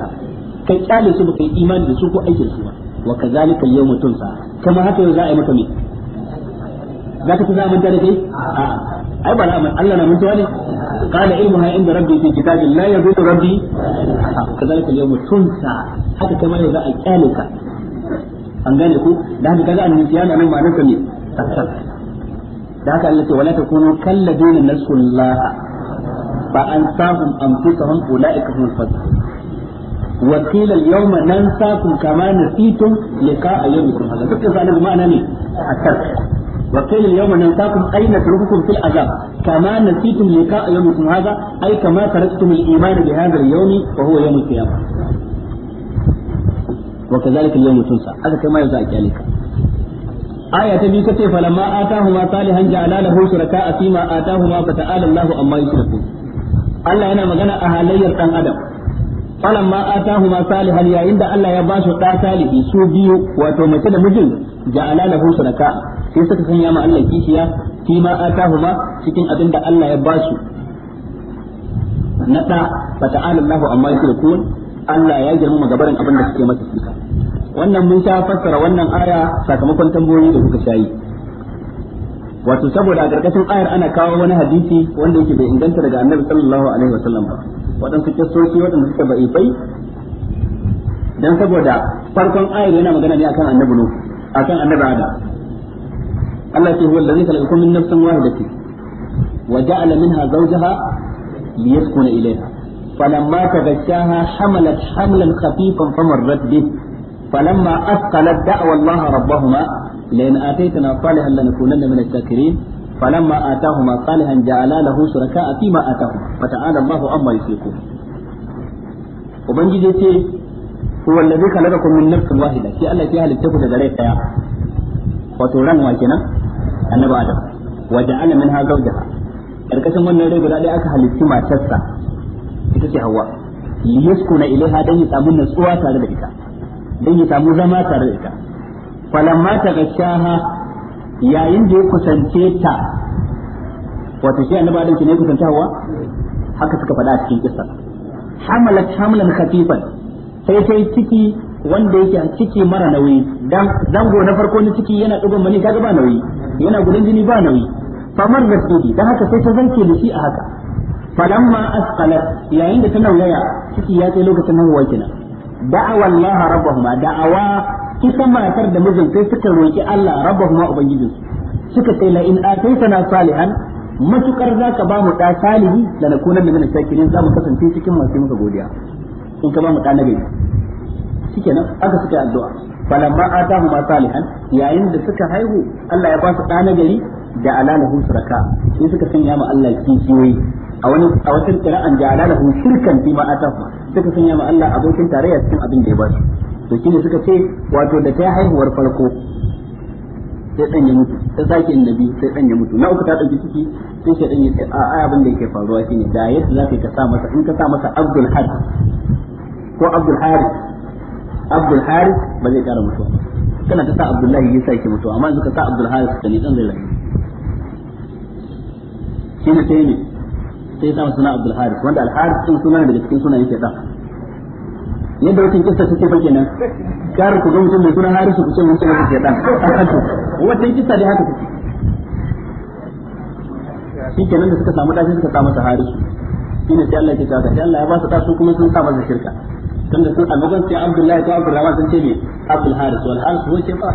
kai kyale su baka yi imani da su ko aikin su ba wa kazalika al-yawma tunsa kama haka yau za a yi maka ne za ka ci za a manta da kai a'a ai ba na Allah na mantuwa ne qala ilmuha inda rabbi fi kitabin la yazudu rabbi kadhalika al-yawma tunsa haka kamar yau za a kyale ka an gane ku da haka kaga annabi kiyama nan ma'anar ka ne da haka Allah ce wala takunu kalladina nasullaha fa ansahum anfusahum ulaika humul fasiqun وقيل اليوم ننساكم كما نسيتم لقاء يومكم هذا كيف معنى معنى ايه؟ وقيل اليوم ننساكم أي نترككم في العذاب كما نسيتم لقاء يومكم هذا أي كما تركتم الإيمان بهذا اليوم وهو يوم القيامة وكذلك اليوم تنسى هذا كما يزعج عليك آية تبي كتير فلما آتاهما صالحا جعل له شركاء فيما آتاهما فتعالى الله أما يشركون الله أنا مغنى أهالي كان أدم فلما آتاهما صالحا يا عند الله يباشر صالحي سو بيو وتومتنا مجن جعل له شركاء sai suka sanya ma Allah kishiya fi ma atahuma cikin abin da Allah ya ba su na da fa ta'ala Allahu amma yushrikun Allah ya girmama gabarin abin da suke masa shirka wannan mun sha fassara wannan aya sakamakon tambayoyi da kuka shayi wato saboda a karkashin ayar ana kawo wani hadisi wanda yake bai inganta daga annabi sallallahu alaihi wasallam ba waɗansu kissoci wadanda suka bai bai dan saboda farkon ayar yana magana ne akan annabi nuhu akan annabi adam Allah ce huwa allazi khalaqakum min nafsin wahidatin wa ja'ala minha zawjaha liyaskuna فلما تغشاها حملت حملا خفيفا فمرت به فلما أثقلت دعوا الله ربهما لئن آتيتنا صالحا لنكونن من الشاكرين فلما آتاهما صالحا جعلا له شركاء فيما آتاهما فتعالى الله عما يشركون ubangiji ce huwa allazi khalaqakum min nafsin wahida shi Allah ya halitta ku daga rai daya kenan annabi adam wa ja'ala minha zawjaha karkashin wannan rai guda ɗaya aka halitti matarsa ita ce hawa liyaskuna ilaiha dan yi samu natsuwa tare da ita dan yi samu zama tare da ita falamma tagashaha yayin da ya kusance ta wato shi annabi adam ne kusanta hawa haka suka faɗa a cikin kissa hamalat hamlan khafifan sai ta yi ciki wanda yake ciki mara nauyi dan zango na farko na ciki yana dugon mani kaga ba nauyi yana gudan jini ba nauyi famar da tsidi dan haka sai ta zance da shi a haka falamma asqalat yayin da ta nauya ciki ya kai lokacin haihuwa kenan da'awa wallahi rabbuhuma da'awa kisa matar da mijin sai suka roki Allah rabbuhuma ubangiji suka sai la in ataitana salihan matukar zaka ba mu da salihi da na kunan da mina sakinin za mu kasance cikin masu muka godiya in ka ba mu da nagari shikenan aka suka yi addu'a falamma atahu ma salihan yayin da suka haihu Allah ya ba su ɗa na gari da alalahu suraka sai suka sanya ma Allah kishiyoyi a wani a wata qira'an da alalahu shirkan fi ma atahu suka sanya ma Allah abokin tarayya cikin abin da ya ba su to shine suka ce wato da ta haihuwar farko sai dan ya mutu ta sake inda bi sai dan ya mutu na uku ta dauki ciki sai sai dan ya ce a abin da yake faruwa shine da yadda zaka ka sa masa in ka sa masa Abdul Hadi ko Abdul Harith Abdul Haris ba zai kara mutuwa kana ta sa Abdullahi ya sa yake mutuwa amma yanzu ka sa Abdul Haris da ne dan zai rayu shine sai ne sai ya sa suna Abdul Haris wanda Al Haris din suna daga cikin sunan yake da yadda wucin kista take fa kenan kar ku ga mutum mai sunan Haris ku ce mun ce masa shedan wata kista dai haka take shi kenan da suka samu dashi suka sa masa Haris shine sai Allah ya ce ta Allah ya ba su ta su kuma sun sa masa shirka tunda sun almagon sai abdullahi ko abdurrahman sun ce me abdul haris wal haris ce shayfa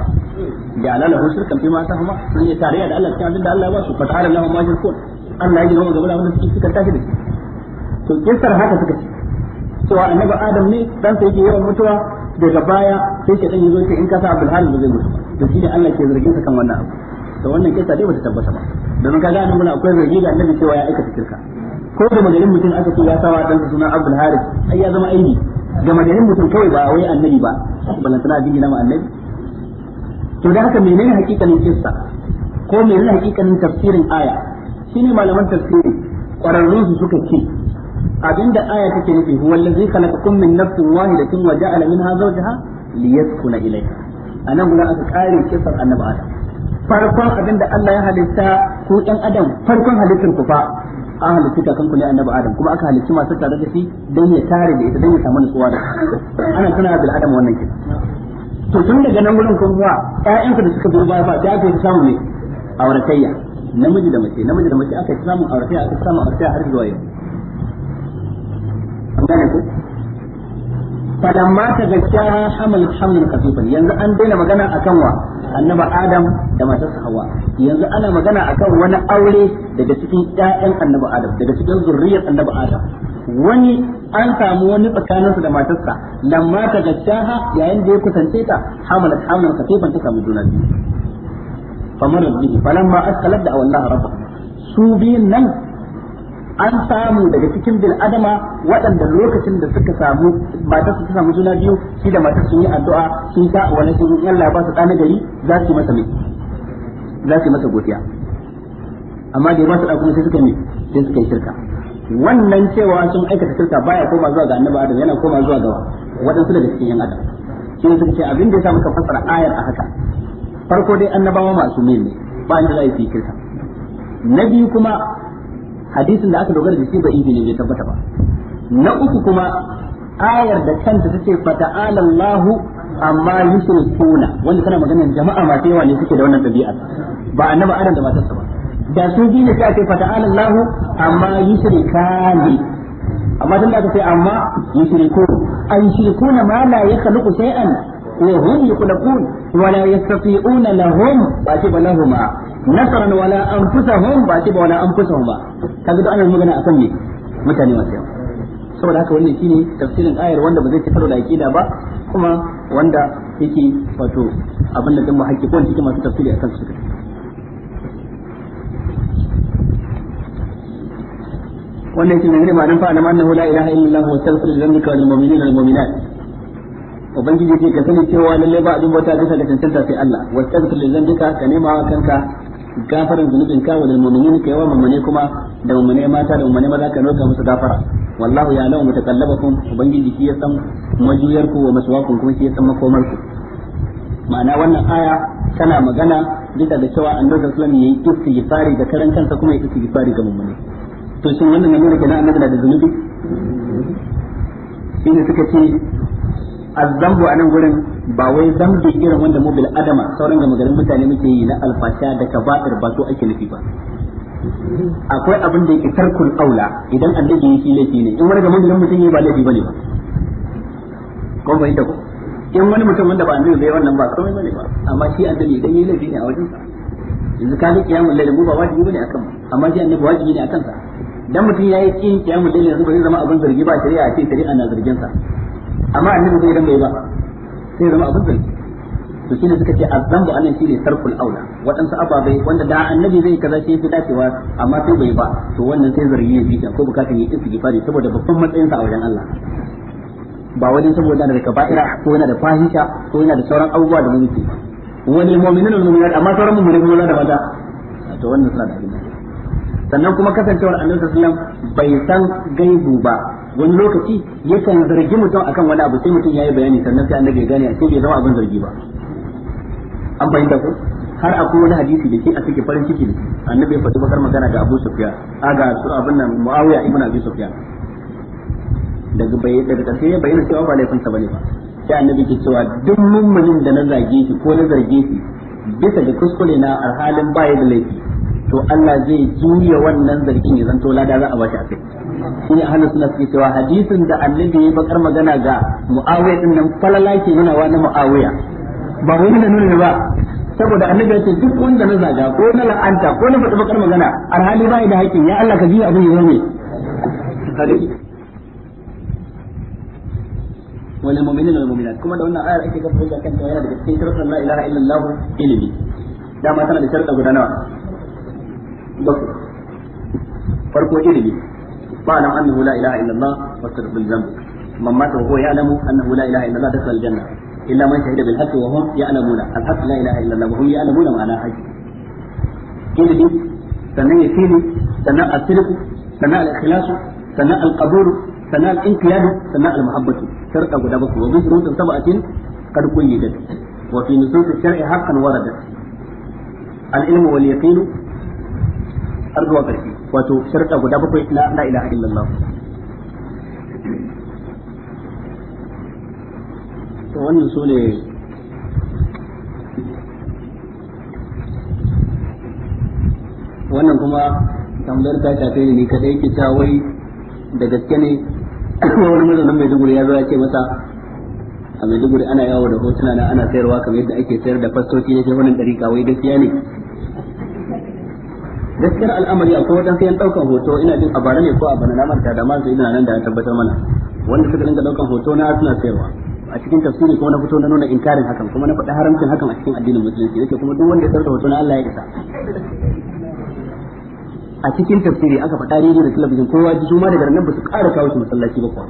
da alala hu shirkan ma ta sun yi tarayya da Allah cikin Allah ya ba su fa ta'ala lahu ma Allah ya ji gaba da abinda suke suka tashi da to kisar haka suka ce cewa annabi adam ne dan sai yake yawan mutuwa daga baya sai ke dan yazo ce in ka sa abdul haris zai mutu to shi ne Allah ke zargin sa kan wannan abu to wannan kisa dai bata tabbata ba domin kaga annabi akwai zargi da annabi cewa ya ko da magarin mutum aka ce ya sawa dan suna abdul haris ai ya zama aibi ga madarin mutum kawai ba wai annabi ba ballan sana abin gina annabi to da haka menene hakikanin kissa ko menene hakikanin tafsirin aya Shi ne malaman tafsiri kwararrun su suka ce abinda aya take nufi huwa allazi khalaqakum min nafsin wahidatin wa ja'ala minha zawjaha liyaskuna ilayha anan gudan aka kare kissar annabi Adam farkon abinda Allah ya halitta ku ɗan adam farkon halittar ku fa an halicci kakanku ne annabi adam kuma aka halicci masu tare da shi don ya tare da ita don ya samu nutsuwa da ana kana bil adam wannan ke to tun daga nan gurin kuma ƴaƴanka da suka zo baya ba ta aka samu ne auratayya namiji da mace namiji da mace aka samu auratayya aka samu a har zuwa yau gane ku falamma ta gaskiya hamal hamlin kafifan yanzu an daina magana akan wa annaba adam da matarsa hawa yanzu ana magana akan wani aure daga cikin ƴaƴan annaba adam daga cikin zurriyar annaba adam wani an samu wani tsakaninsa da matarsa lamma ta gaccaha yayin da ya kusance ta hamalat hamalan kafifan ta samu juna biyu famar bihi falamma askalat da wallahi rabba su biyun nan an samu daga cikin bil adama waɗanda lokacin da suka samu matar su samu juna biyu shi da mata sun yi addu'a sun sa wani sun yi Allah ba su ɗana gari za su yi masa mai za su yi masa godiya amma da ya ba su ɗakuna kuma sai suka yi sai suka yi shirka wannan cewa sun aikata shirka baya koma zuwa ga annabi adam yana koma zuwa ga waɗansu daga cikin yan adam shi suka ce abin da ya sa muka fassara ayar a haka farko dai annabawa masu ne ba inda za a yi shirka na biyu kuma hadisin da aka dogara da shi ba ne bai tabbata ba na uku kuma ayar da kanta tace fa ta'ala Allahu amma yushrikuna wanda tana magana jama'a masu yawa ne suke da wannan tabi'a. ba annaba aran da matarsa ba da su ji ne sai ce fa ta'ala Allahu amma yushrikani amma dan da aka sai amma yushriku an shirkuna ma la yakhluqu shay'an wa hum yakhluqun wa la yastati'una lahum wa tibalahuma nasaran wala anfusahum ba ce ba wala anfusahum ba kaga duk ana magana akan ne mutane masu yawa saboda haka wannan shine tafsirin ayar wanda ba zai ci karo da ba kuma wanda yake wato abin da dan muhakkikun cikin masu tafsiri akan su wannan shi ne ne ma'anar fa'ana ma annahu la ilaha illallah wa astaghfiru li dhanbika wal mu'minina wal mu'minat ubangiji ce ka sani cewa lalle ba abin bauta bisa ga cancanta sai Allah ka nema kanka gafaran zunubin ka wal mu'minin ka yawa mamane kuma da mamane mata da mamane maza ka roka musu gafara wallahu ya lamu mutakallabakum ubangiji shi ya san majuyarku wa maswakum kuma shi ya san makomarku ma'ana wannan aya tana magana bisa da cewa annabi sallallahu alaihi wasallam yayi istighfari ga karan kansa kuma yayi istighfari ga mamane, to shin wannan ne nuna kenan annabi da zunubi shine suka ce azzambu a nan gurin ba wai zambi irin wanda mu bil adama sauran ga magarin mutane muke yi na alfasha da kaba'ir ba so ake nufi ba akwai abin da yake tarkul aula idan annabi yake laifi ne in wani ga magarin mutum yi ba laifi bane ba ko bai da ko in wani mutum wanda ba annabi bai wannan ba komai bane ba amma shi annabi idan yi laifi ne a wajen sa yanzu ka ga kiyamul lail mu ba wajibi bane akan amma shi annabi wajibi ne akan sa dan mutum yayi kin kiyamul lail yanzu ba zai zama abin zargi ba shari'a ce shari'a na zargin sa amma annabi zai dinga yi ba sai zama abin zai to shine suka ce azambu anan shine sarful aula waɗansu ababai wanda da annabi zai kaza shi yafi dacewa amma sai bai ba to wannan sai zargi ya fita ko bukatun ya isi gifari saboda babban sa a wajen Allah ba wajen saboda yana da kaba'ira ko yana da fahisha ko yana da sauran abubuwa da mulki wani mu'minin da mu'minat amma sauran mu'minin kuma da mata to wannan suna da sannan kuma kasancewar annabi sallallahu alaihi wasallam bai san gaibu ba wani lokaci yakan zargi mutum akan wani abu sai mutum yayi bayani sannan sai annabi ya gane a sai bai zama abin zargi ba an fahimta ko har akwai wani hadisi da ke a cikin farin ciki annabi ya faɗi bakar magana ga Abu Sufyan a ga su abin nan Muawiya ibn Abi Sufyan daga bai daga kace ya bayyana cewa ba laifin sa bane ba sai annabi ke cewa duk mummunin da na zage shi ko na zarge shi bisa da kuskure na alhalin baya da laifi to Allah zai juya wannan zargin ya zanto lada za a bashi a kai shine ahlus sunna suke cewa hadisin da annabi ya bakar magana ga muawiya din nan falala ke nuna wa na muawiya ba wani da nuna ba saboda annabi ya ce duk wanda na zaga ko na la'anta ko na faɗi bakar magana alhali ba da haƙƙin ya Allah ka ji abin ya ne wani mu'minin na mu'minat kuma da wannan ayar ake gaba da kanta yana da cikin shartan la ilaha illallah ilimi dama tana da sharta guda nawa farko ilimi فاعلم انه لا اله الا الله واستغفر الذنب من مات وهو يعلم انه لا اله الا الله دخل الجنه الا من شهد بالحق وهم يعلمون الحق لا اله الا الله وهم يعلمون معنى حق دي سنه يكيني سنه الصدق سنه الاخلاص سنه القبول سنه الانقياد سنه المحبه شرطه غدا وفي وبشر سبعه قد قيدت وفي نصوص الشرع حقا وردت العلم واليقين أرجو وقرتي wato sharuɗa guda bakwai na la ilaha illallah to wannan su ne wannan kuma tambayar ta shafe ne kadai yake ta wai da gaske ne wani mazaunin Maiduguri ya zo ya ce masa a mai duguri ana yawo da hotuna na ana sayarwa kamar yadda ake sayar da fastoci na wani ɗari kawai gaskiya ne gaskiyar al'amari akwai wajen sayan daukan hoto ina jin a bara ne ko a bana na manta da ma su ina nan da ya tabbatar mana wanda suka dinga daukan hoto na suna sayarwa a cikin tafsiri kuma na fito na nuna inkarin hakan kuma na faɗi haramcin hakan a cikin addinin musulunci yake kuma duk wanda ya sarka hoto na Allah ya isa a cikin tafsiri aka faɗa rediyo da talabijin kowa ji su ma daga nan ba su ƙara kawo su masallaci ba kuwa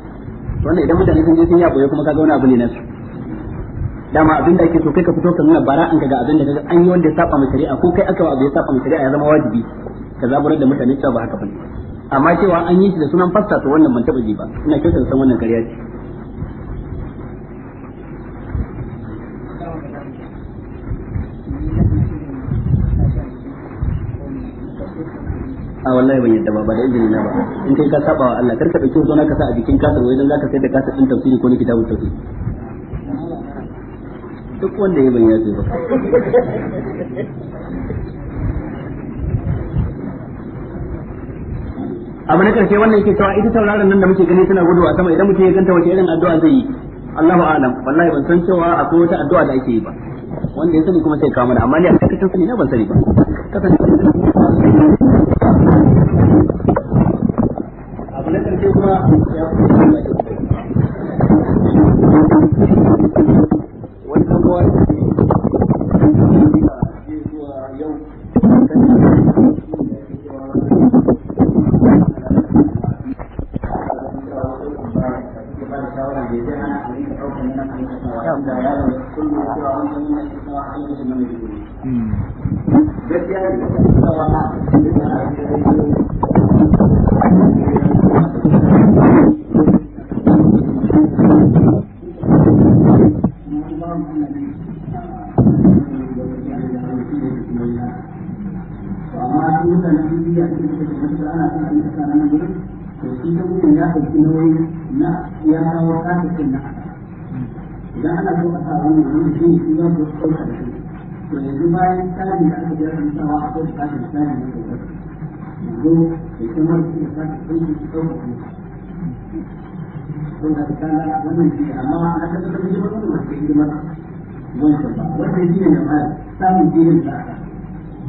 wannan idan mutane sun je sun yaƙo kuma kaga wani abu ne na su dama abin da ake so kai ka fito ka nuna bara an ga abin da kaga an yi wanda ya saba mai shari'a ko kai aka wa abu ya saba mai shari'a ya zama wajibi ka zaburar da mutane cewa ba haka bane amma cewa an yi shi da sunan fasta to wannan ban taba ji ba ina kyautar san wannan kariya ce a wallahi ban yadda ba ba da izini na ba in kai ka saba wa Allah karka dauke zo na ka sa a jikin kasar wai dan zaka sai da kasar din tafsiri ko ni kitabun tafsiri duk wanda ya ban ce ba abu na karshe wannan yake cewa ita tauraron nan da muke gani tana gudu a sama idan mutum ya ganta wace irin addu'a zai yi Allahu a'lam wallahi ban san cewa akwai wata addu'a da ake yi ba wanda ya sani kuma sai kawo mana amma ni a cikin sani na ban sani ba kasance abu na karshe kuma ya amma duk mutane sun cikin ana son a yi ta to shi ta mutum ya ɗauki nauyi na ya na idan ana so a wani shi ne shi to yanzu bayan tsari da aka biya a kai kashin tsari na kokar yanzu da kamar su da kashin aiki su ɗauka su don da wannan shi amma na tabbatar da shi hidimar ba shi ne bayan samun da aka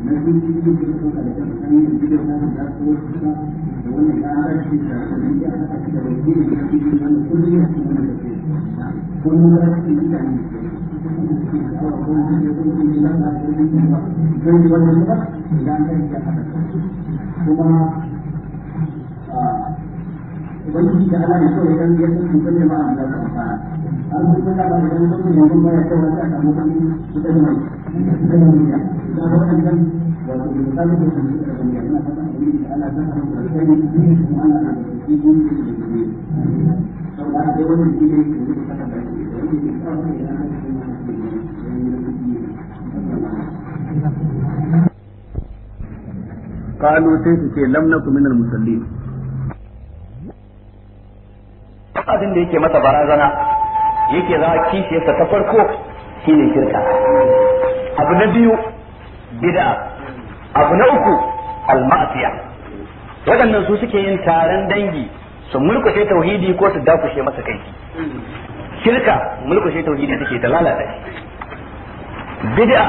na sun ci cikin da suka da kan an yi da ko da wani ƙarar shi da ya aka ci da wani ya da cikin wani kullum ya ci wani da ke ko ya ga cikin gidan ne ko mun ga cikin gidan da ko mun ga da kuma ubangiji da Allah ne kawai ya san mutum ne ba a da amfana an fi kusa ba da ganin mutum yanzu ba ya kai wata samu kuɗi su ɗan mai su ɗan mai ya da ba wannan kan wato da misali ko kan suka ɗan mai ana fata abin da ana zama da kai ne kuma ana da shi ne da shi ne sau da dai wannan shi ne da yake fata da shi da yake da kawo da yana da shi قالوا سيسكي لم نكن من المسلمين abin da yake masa barazana yake za kishe kishiyarsa ta farko shine shirka abu na biyu bid'a abu na uku al waɗannan su suke yin taron dangi su mulkushe tauhidi ko su dakushe masa kai shirka mulkushe tauhidi take da lalata bid'a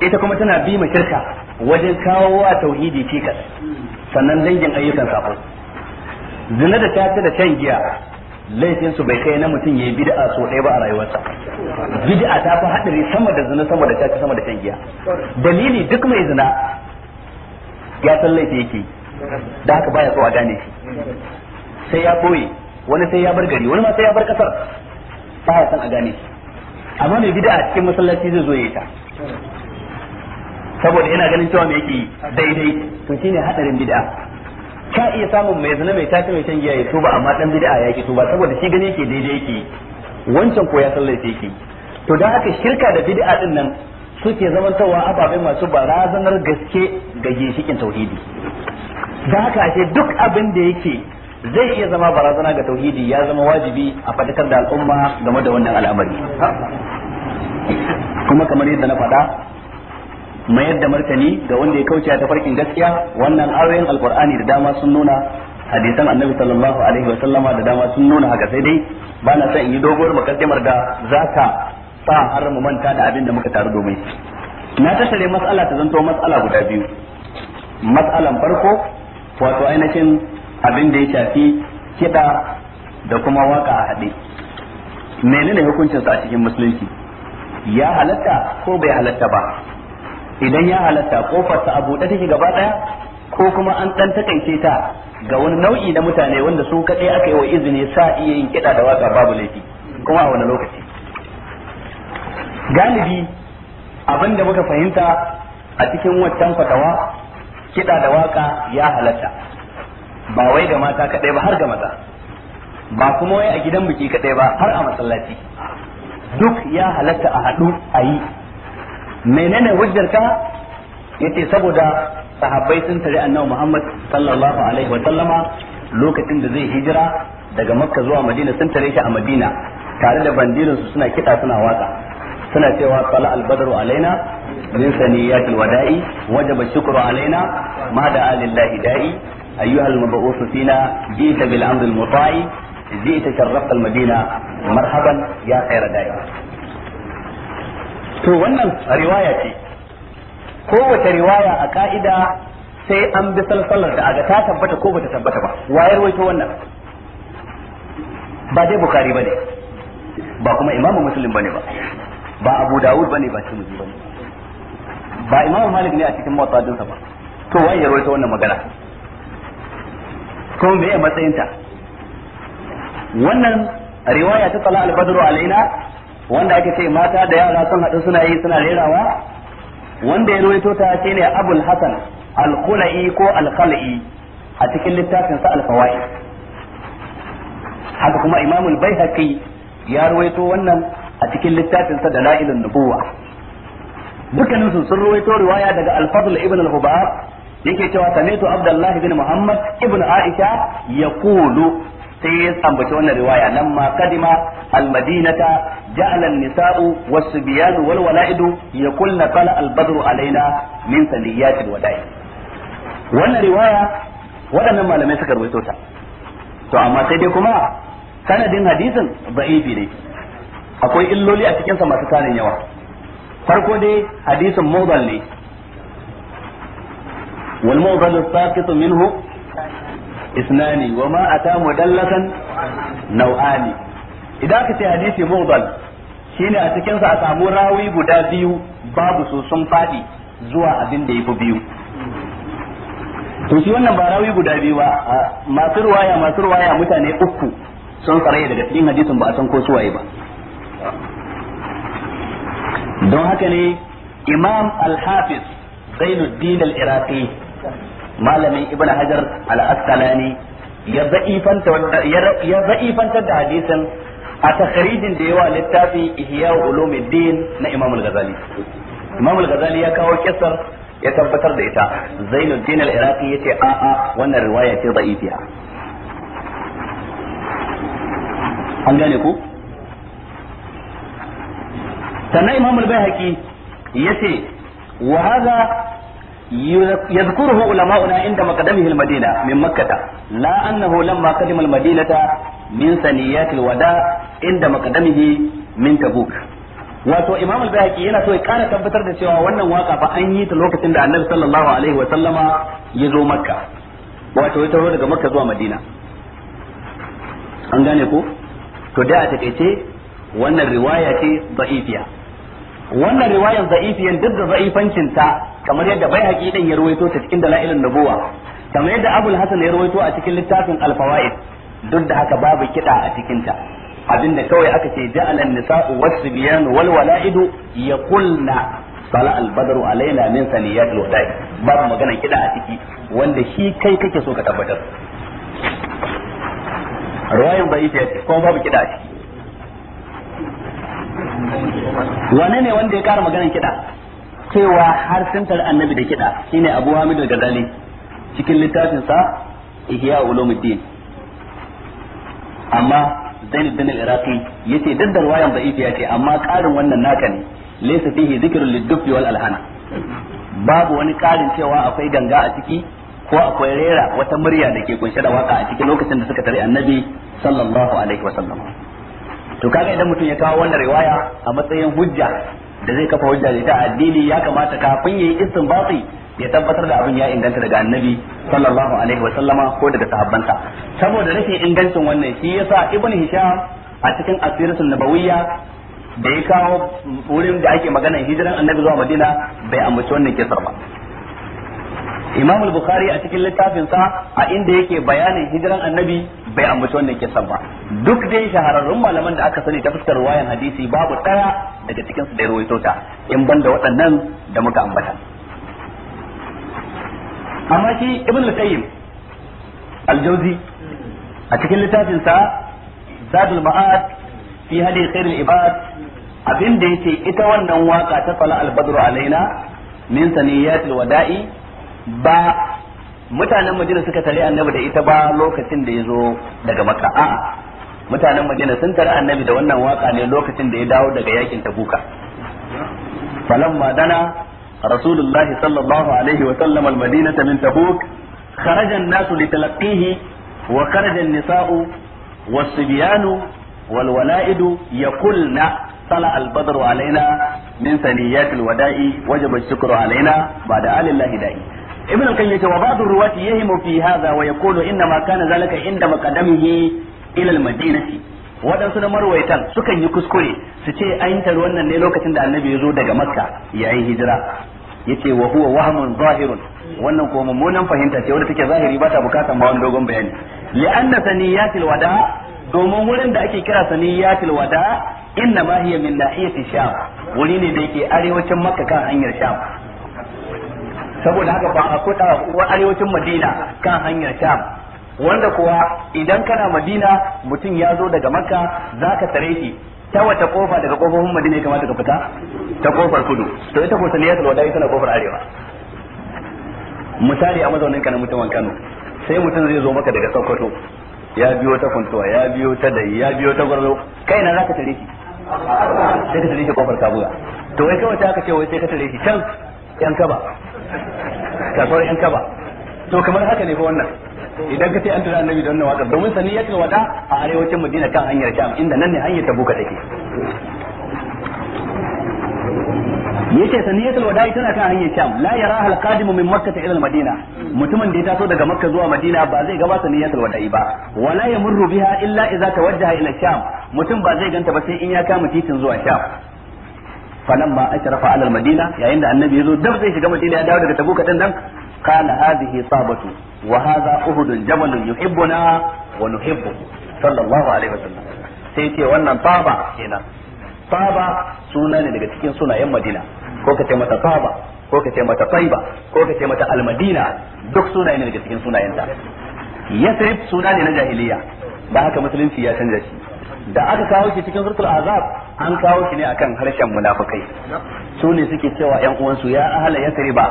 ita kuma tana bi ma shirka wajen kawo wa tauhidi cikas sannan dangin ayyukan safo zina da tata da can giya laifin su bai kai na mutum yayi bid'a so ɗaya ba a rayuwarsa bid'a ta fi hadari sama da zina sama da caca sama da shan giya dalili duk mai zina ya san laifi yake da haka baya so a gane shi sai ya boye wani sai ya bar gari wani ma sai ya bar kasar baya san a gane shi amma mai bid'a a cikin masallaci zai zo ya ta saboda yana ganin cewa me yake daidai to shine hadarin bid'a ka iya samun mai zina mai tafi mai tangiya ya tuba amma dan bid'a ya ki tuba saboda shi gani yake daidai yake wancan ko ya sallace yake to dan haka shirka da bid'a din nan suke zamantawa ababe masu barazanar gaske ga ginshikin tauhidi dan haka ashe duk abin da yake zai iya zama barazana ga tauhidi ya zama wajibi a fadakar da al'umma game da wannan al'amari kuma kamar yadda na faɗa mayar da martani ga wanda ya kauce ta farkin gaskiya wannan ayoyin alkur'ani da dama sun nuna hadisan annabi sallallahu alaihi wa sallama da dama sun nuna haka sai dai ba na son in yi doguwar makaddimar da zaka sa har mu manta da abin da muka taru domin na tattare mas'ala ta zanto mas'ala guda biyu mas'alan farko wato ainihin abin da ya shafi kiɗa da kuma waka a haɗe menene hukuncinsa a cikin musulunci ya halatta ko bai halatta ba idan ya halatta kofar ta abu take gaba daya ko kuma an dan takaice ta ga wani nau'i na mutane wanda su kadai aka yi wa izini sa iya yin kida da waka babu laifi kuma a wani lokaci galibi abin da muka fahimta a cikin waccan fatawa kida da waka ya halatta ba wai ga mata kadai ba har ga maza ba kuma wai a gidan biki kadai ba har a masallaci duk ya halatta a haɗu a yi menene hujjar ka yace saboda sahabbai sun tare annabi Muhammad sallallahu alaihi wa sallama lokacin da zai hijira daga Makka zuwa Madina sun tare shi a Madina tare da bandirin su suna kiɗa suna waka suna cewa sala badru alaina min saniyatil wada'i wajaba shukru alaina ma da alillahi da'i أيها المبعوث فينا جئت بالأمر المطاع جئت شرفت المدينة مرحبا يا خير دائما to wannan riwaya ce kowace riwaya a ka'ida sai an bi salsalar da aga ta tabbata ko bata tabbata ba wayar waito wannan ba dai bukari bane ba kuma imamu muslim bane ba ba abu dawud bane ba tirmidhi bane ba imamu malik ne a cikin mawtadin sa ba to wai ya wannan magana ko me ya matsayin ta wannan riwaya ta tala al-badru alaina wanda ake ce mata da yara sun haɗu suna yi suna rerawa wanda ya ruwaito ta ne abul hasan al-khulai ko al a cikin littafin sa haka kuma imam al-baihaqi ya ruwaito wannan a cikin littafin sa dalailun nubuwa dukkanin sun sun ruwaito riwaya daga al-fadl ibn al-hubar yake cewa sami'tu Abdullahi bin muhammad ibn aisha yaqulu sai ya ambaci wannan riwaya nan ma kadima almadinata ja'ala an-nisa'u was-sibyan wal-wala'idu yaqulna qala al-badru alaina min saliyat al-wada'i wannan riwaya waɗannan malamai suka rubuto ta to amma sai dai kuma sanadin hadisin da'ifi ne akwai illoli a cikin sa masu tarin yawa farko dai hadisin mawdal ne wal mawdal saqit minhu اثنان wa ma ata mudallasan nau'ani Ida ka ce hadisi mudal shine a cikin sa a samu rawi guda biyu babu su sun zuwa abin da yafi biyu to wannan ba rawi guda biyu ba masu ruwaya masu ruwaya mutane uku sun tsaraye daga cikin hadisin ba a san ko suwaye ba don haka ne imam al-hafiz zainuddin al-iraqi malamin ibn hajar al-asqalani ya za'ifantar da hadisin a takharijin da yawa littafin ihya ulumuddin na imam al-ghazali imam al-ghazali ya kawo kisar ya tabbatar da ita zainuddin al-iraqi yace a a wannan riwaya ce da'ifiya an gane ku sannan imam al-baihaqi yace wa hadha يذكره علماؤنا عند مقدمه المدينة من مكة لا أنه لما قدم المدينة من سنيات الوداع عند مقدمه من تبوك wato imam al-bayhaqi yana so ya kara tabbatar da cewa wannan waka fa an yi ta lokacin da annabi sallallahu alaihi wa sallama ya zo makka wato ya taho daga makka zuwa madina an gane ko to da a takeice wannan riwaya ce da'ifiya wannan riwayan za'ifiyan duk da za'ifancin ta kamar yadda bai haƙi haƙiƙin ya ruwaito ta cikin dalailin nubuwa kamar yadda abul hasan ya ruwaito a cikin littafin alfawaid duk da haka babu kiɗa a cikin ta abinda kawai aka ce ja'ala nisa'u wasbiyan wal wala'idu yaqulna sala al badru alaina min saniyat al wada'i babu magana kiɗa a ciki wanda shi kai kake so ka tabbatar riwayan za'ifiya ko babu kiɗa a ciki wane ne wanda ya kara maganar kiɗa cewa har sintar annabi da kiɗa shine abu hamid da ghazali cikin littafin sa ihya ulumuddin amma zainuddin al-iraqi yace duk da ruwayan da ce amma karin wannan naka ne laysa fihi dhikrun lid wal alhana babu wani karin cewa akwai ganga a ciki ko akwai rera wata murya da ke kunshe da waka a cikin lokacin da suka tare annabi sallallahu alaihi wasallam to kaga idan mutum ya kawo wannan riwaya a matsayin hujja da zai kafa hujja da ta addini ya kamata kafin yayi istinbati ya tabbatar da abin ya inganta daga annabi sallallahu alaihi wa sallama ko daga sahabbansa saboda rashin ingancin wannan shi yasa ibnu hisham a cikin asiratul nabawiyya da ya kawo wurin da ake magana hijiran annabi zuwa madina bai ambaci wannan kisar ba imam al-bukhari a cikin littafin sa a inda yake bayanin hijiran annabi bai ambaci wannan kisar ba duk dai shahararrun malaman da aka sani ta fuskar wayan hadisi babu daya daga cikin su da rawaito ta in banda waɗannan da muka ambata amma shi ibn al-qayyim al-jawzi a cikin littafin sa zadul ma'ad fi hadi al ibad abin da yake ita wannan waka ta tsala al badr alaina min al wada'i ba mutanen madina suka tare annabi da ita ba lokacin da ya zo daga makka a'a mutanen madina sun tara annabi da wannan waka ne lokacin da ya dawo daga yakin tabuka falamma dana rasulullahi sallallahu alaihi wa sallam almadinata min tabuk kharaja an-nasu litalqihi wa kharaja an-nisa'u was-sibyanu wal-wala'idu yaqulna طلع البدر علينا من ثنيات الوداع وجب الشكر علينا بعد آل الله داعي ابن القيم وبعض الرواة يهم في هذا ويقول إنما كان ذلك عند مقدمه ilal al-madinati waɗansu na marwaitan sukan yi kuskure su ce an tar wannan ne lokacin da annabi ya zo daga makka yayin hijira yace wa huwa wahmun zahirun wannan ko mummunan fahimta ce wanda take zahiri ba ta bukatan ba wani dogon bayani li'anna saniyatil wada domin wurin da ake kira saniyatil wada inna ma hiya min nahiyati sham wuri ne da yake arewacin makka kan hanyar sham saboda haka ba a kuɗa arewacin madina kan hanyar sham wanda kuwa idan kana madina mutum ya zo daga makka ka tare shi ta wata kofa daga kofofin madina ya kamata ka fita ta kofar kudu to ita ko saniyatul wada'i tana kofar arewa misali a mazaunin kana mutumin Kano sai mutum zai zo maka daga Sokoto ya biyo ta kuntuwa ya biyo ta dai ya biyo ta gwarzo kai na ka tare shi sai ka tare shi kofar kabuga to wai kawai aka ce wai sai ka tare shi can yan kaba kasuwar yan kaba to kamar haka ne fa wannan idan ka ce an tura annabi da wannan waƙar domin sani ya wada a arewacin madina kan hanyar sham inda nan ne hanyar tabuka take yace saniyatul yi tana kan hanyar sham la yara al qadimu min makkah ila madina mutumin da ya taso daga makka zuwa madina ba zai gaba saniyatul yi ba wala yamurru biha illa idza tawajjaha ila sham mutum ba zai ganta ba sai in ya kama titin zuwa sham falamma ashrafa ala al madina yayin da annabi ya zo dab zai shiga madina ya dawo daga tabuka din nan qala sabatu wa hadha uhudun jabalun yuhibbuna wa nuhibbuhu sallallahu alaihi wasallam sai ce wannan taba kenan taba suna ne daga cikin sunayen madina ko kace mata taba ko kace mata taiba ko kace ce mata almadina duk sunaye ne daga cikin sunayen ta. yasrib suna ne na jahiliya ba haka musulunci ya canza shi da aka kawo shi cikin surtul azab an kawo shi ne akan harshen munafikai su ne suke cewa yan uwansu ya ahala yasriba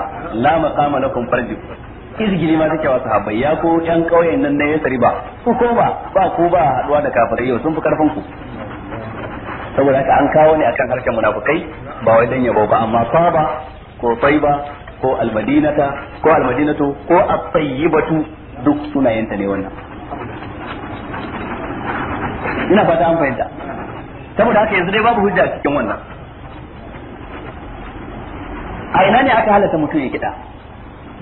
la maqama lakum farjib izgili ma take wasu habai ya ko yan kauyen nan na tari ba ku ko ba ba ku ba haɗuwa da kafirai yau sun fi karfin ku saboda haka an kawo ne akan harshen munafukai ba wai dan yabo ba amma saba ko taiba ko almadinata ko almadinatu ko at duk duk sunayenta ne wannan ina fata an fahimta saboda haka yanzu dai babu hujja cikin wannan a ina ne aka halatta mutum ya kiɗa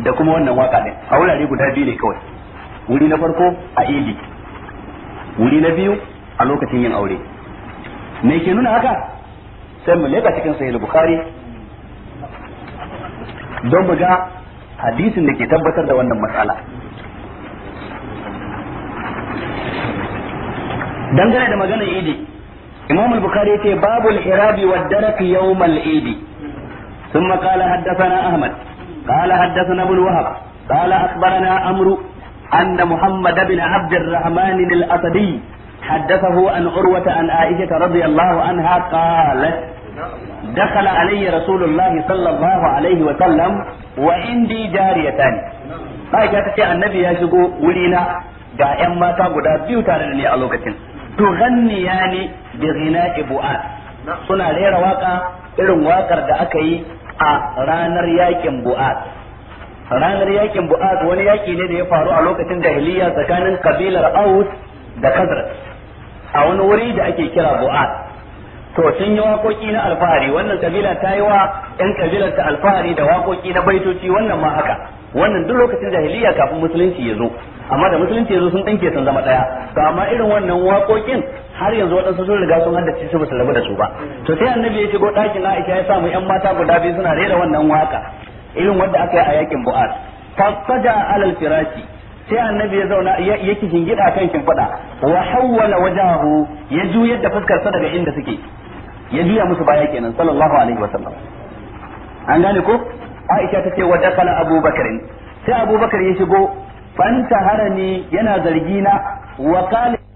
da kuma wannan waka din a wurare guda biyu ne kawai wuri na farko a idi wuri na biyu a lokacin yin aure me ke nuna haka sai mu leka cikin sahih bukhari don mu ga hadisin da ke tabbatar da wannan matsala dangane da maganar idi imam al-bukhari yake babul irabi wad darak yawm al eid Thumma qala حدثنا Ahmad. قال حدثنا ابن وهب قال اخبرنا عمرو ان محمد بن عبد الرحمن الاسدي حدثه عن عروه عن عائشه رضي الله عنها قالت دخل علي رسول الله صلى الله عليه وسلم وعندي جاريتان Aisha ta ce annabi ya shigo wurina ga 'yan mata guda biyu tare da ni a lokacin. To ganni ya ne bi zina ibu'at. Suna rera waka irin wakar da aka yi a ranar yakin bu'ad ranar yakin bu'ad wani yaki ne da ya faru a lokacin jahiliya tsakanin kabilar aus da khazraj a wani wuri da ake kira bu'ad to sun yi waƙoƙi na alfahari wannan kabila ta yi wa 'yan kabilar ta alfahari da waƙoƙi na baitoci wannan ma haka wannan duk lokacin jahiliya kafin musulunci ya zo amma da musulunci ya zo sun danke sun zama daya to amma irin wannan waƙoƙin har yanzu waɗansu sun riga sun haddace su basu rabu da su ba to sai annabi ya shigo ɗakin Aisha ya samu ƴan mata guda biyu suna rera wannan waka irin wanda aka yi a yakin Bu'as fasaja alal firashi sai annabi ya zauna ya jingida kan fada wa hawwala wajahu ya juyar da fuskar sa daga inda suke ya juya musu baya kenan sallallahu alaihi wasallam an gane ko Aisha tace wa dakala Abu Bakar sai Abu Bakar ya shigo fanta harani yana zargina wa kale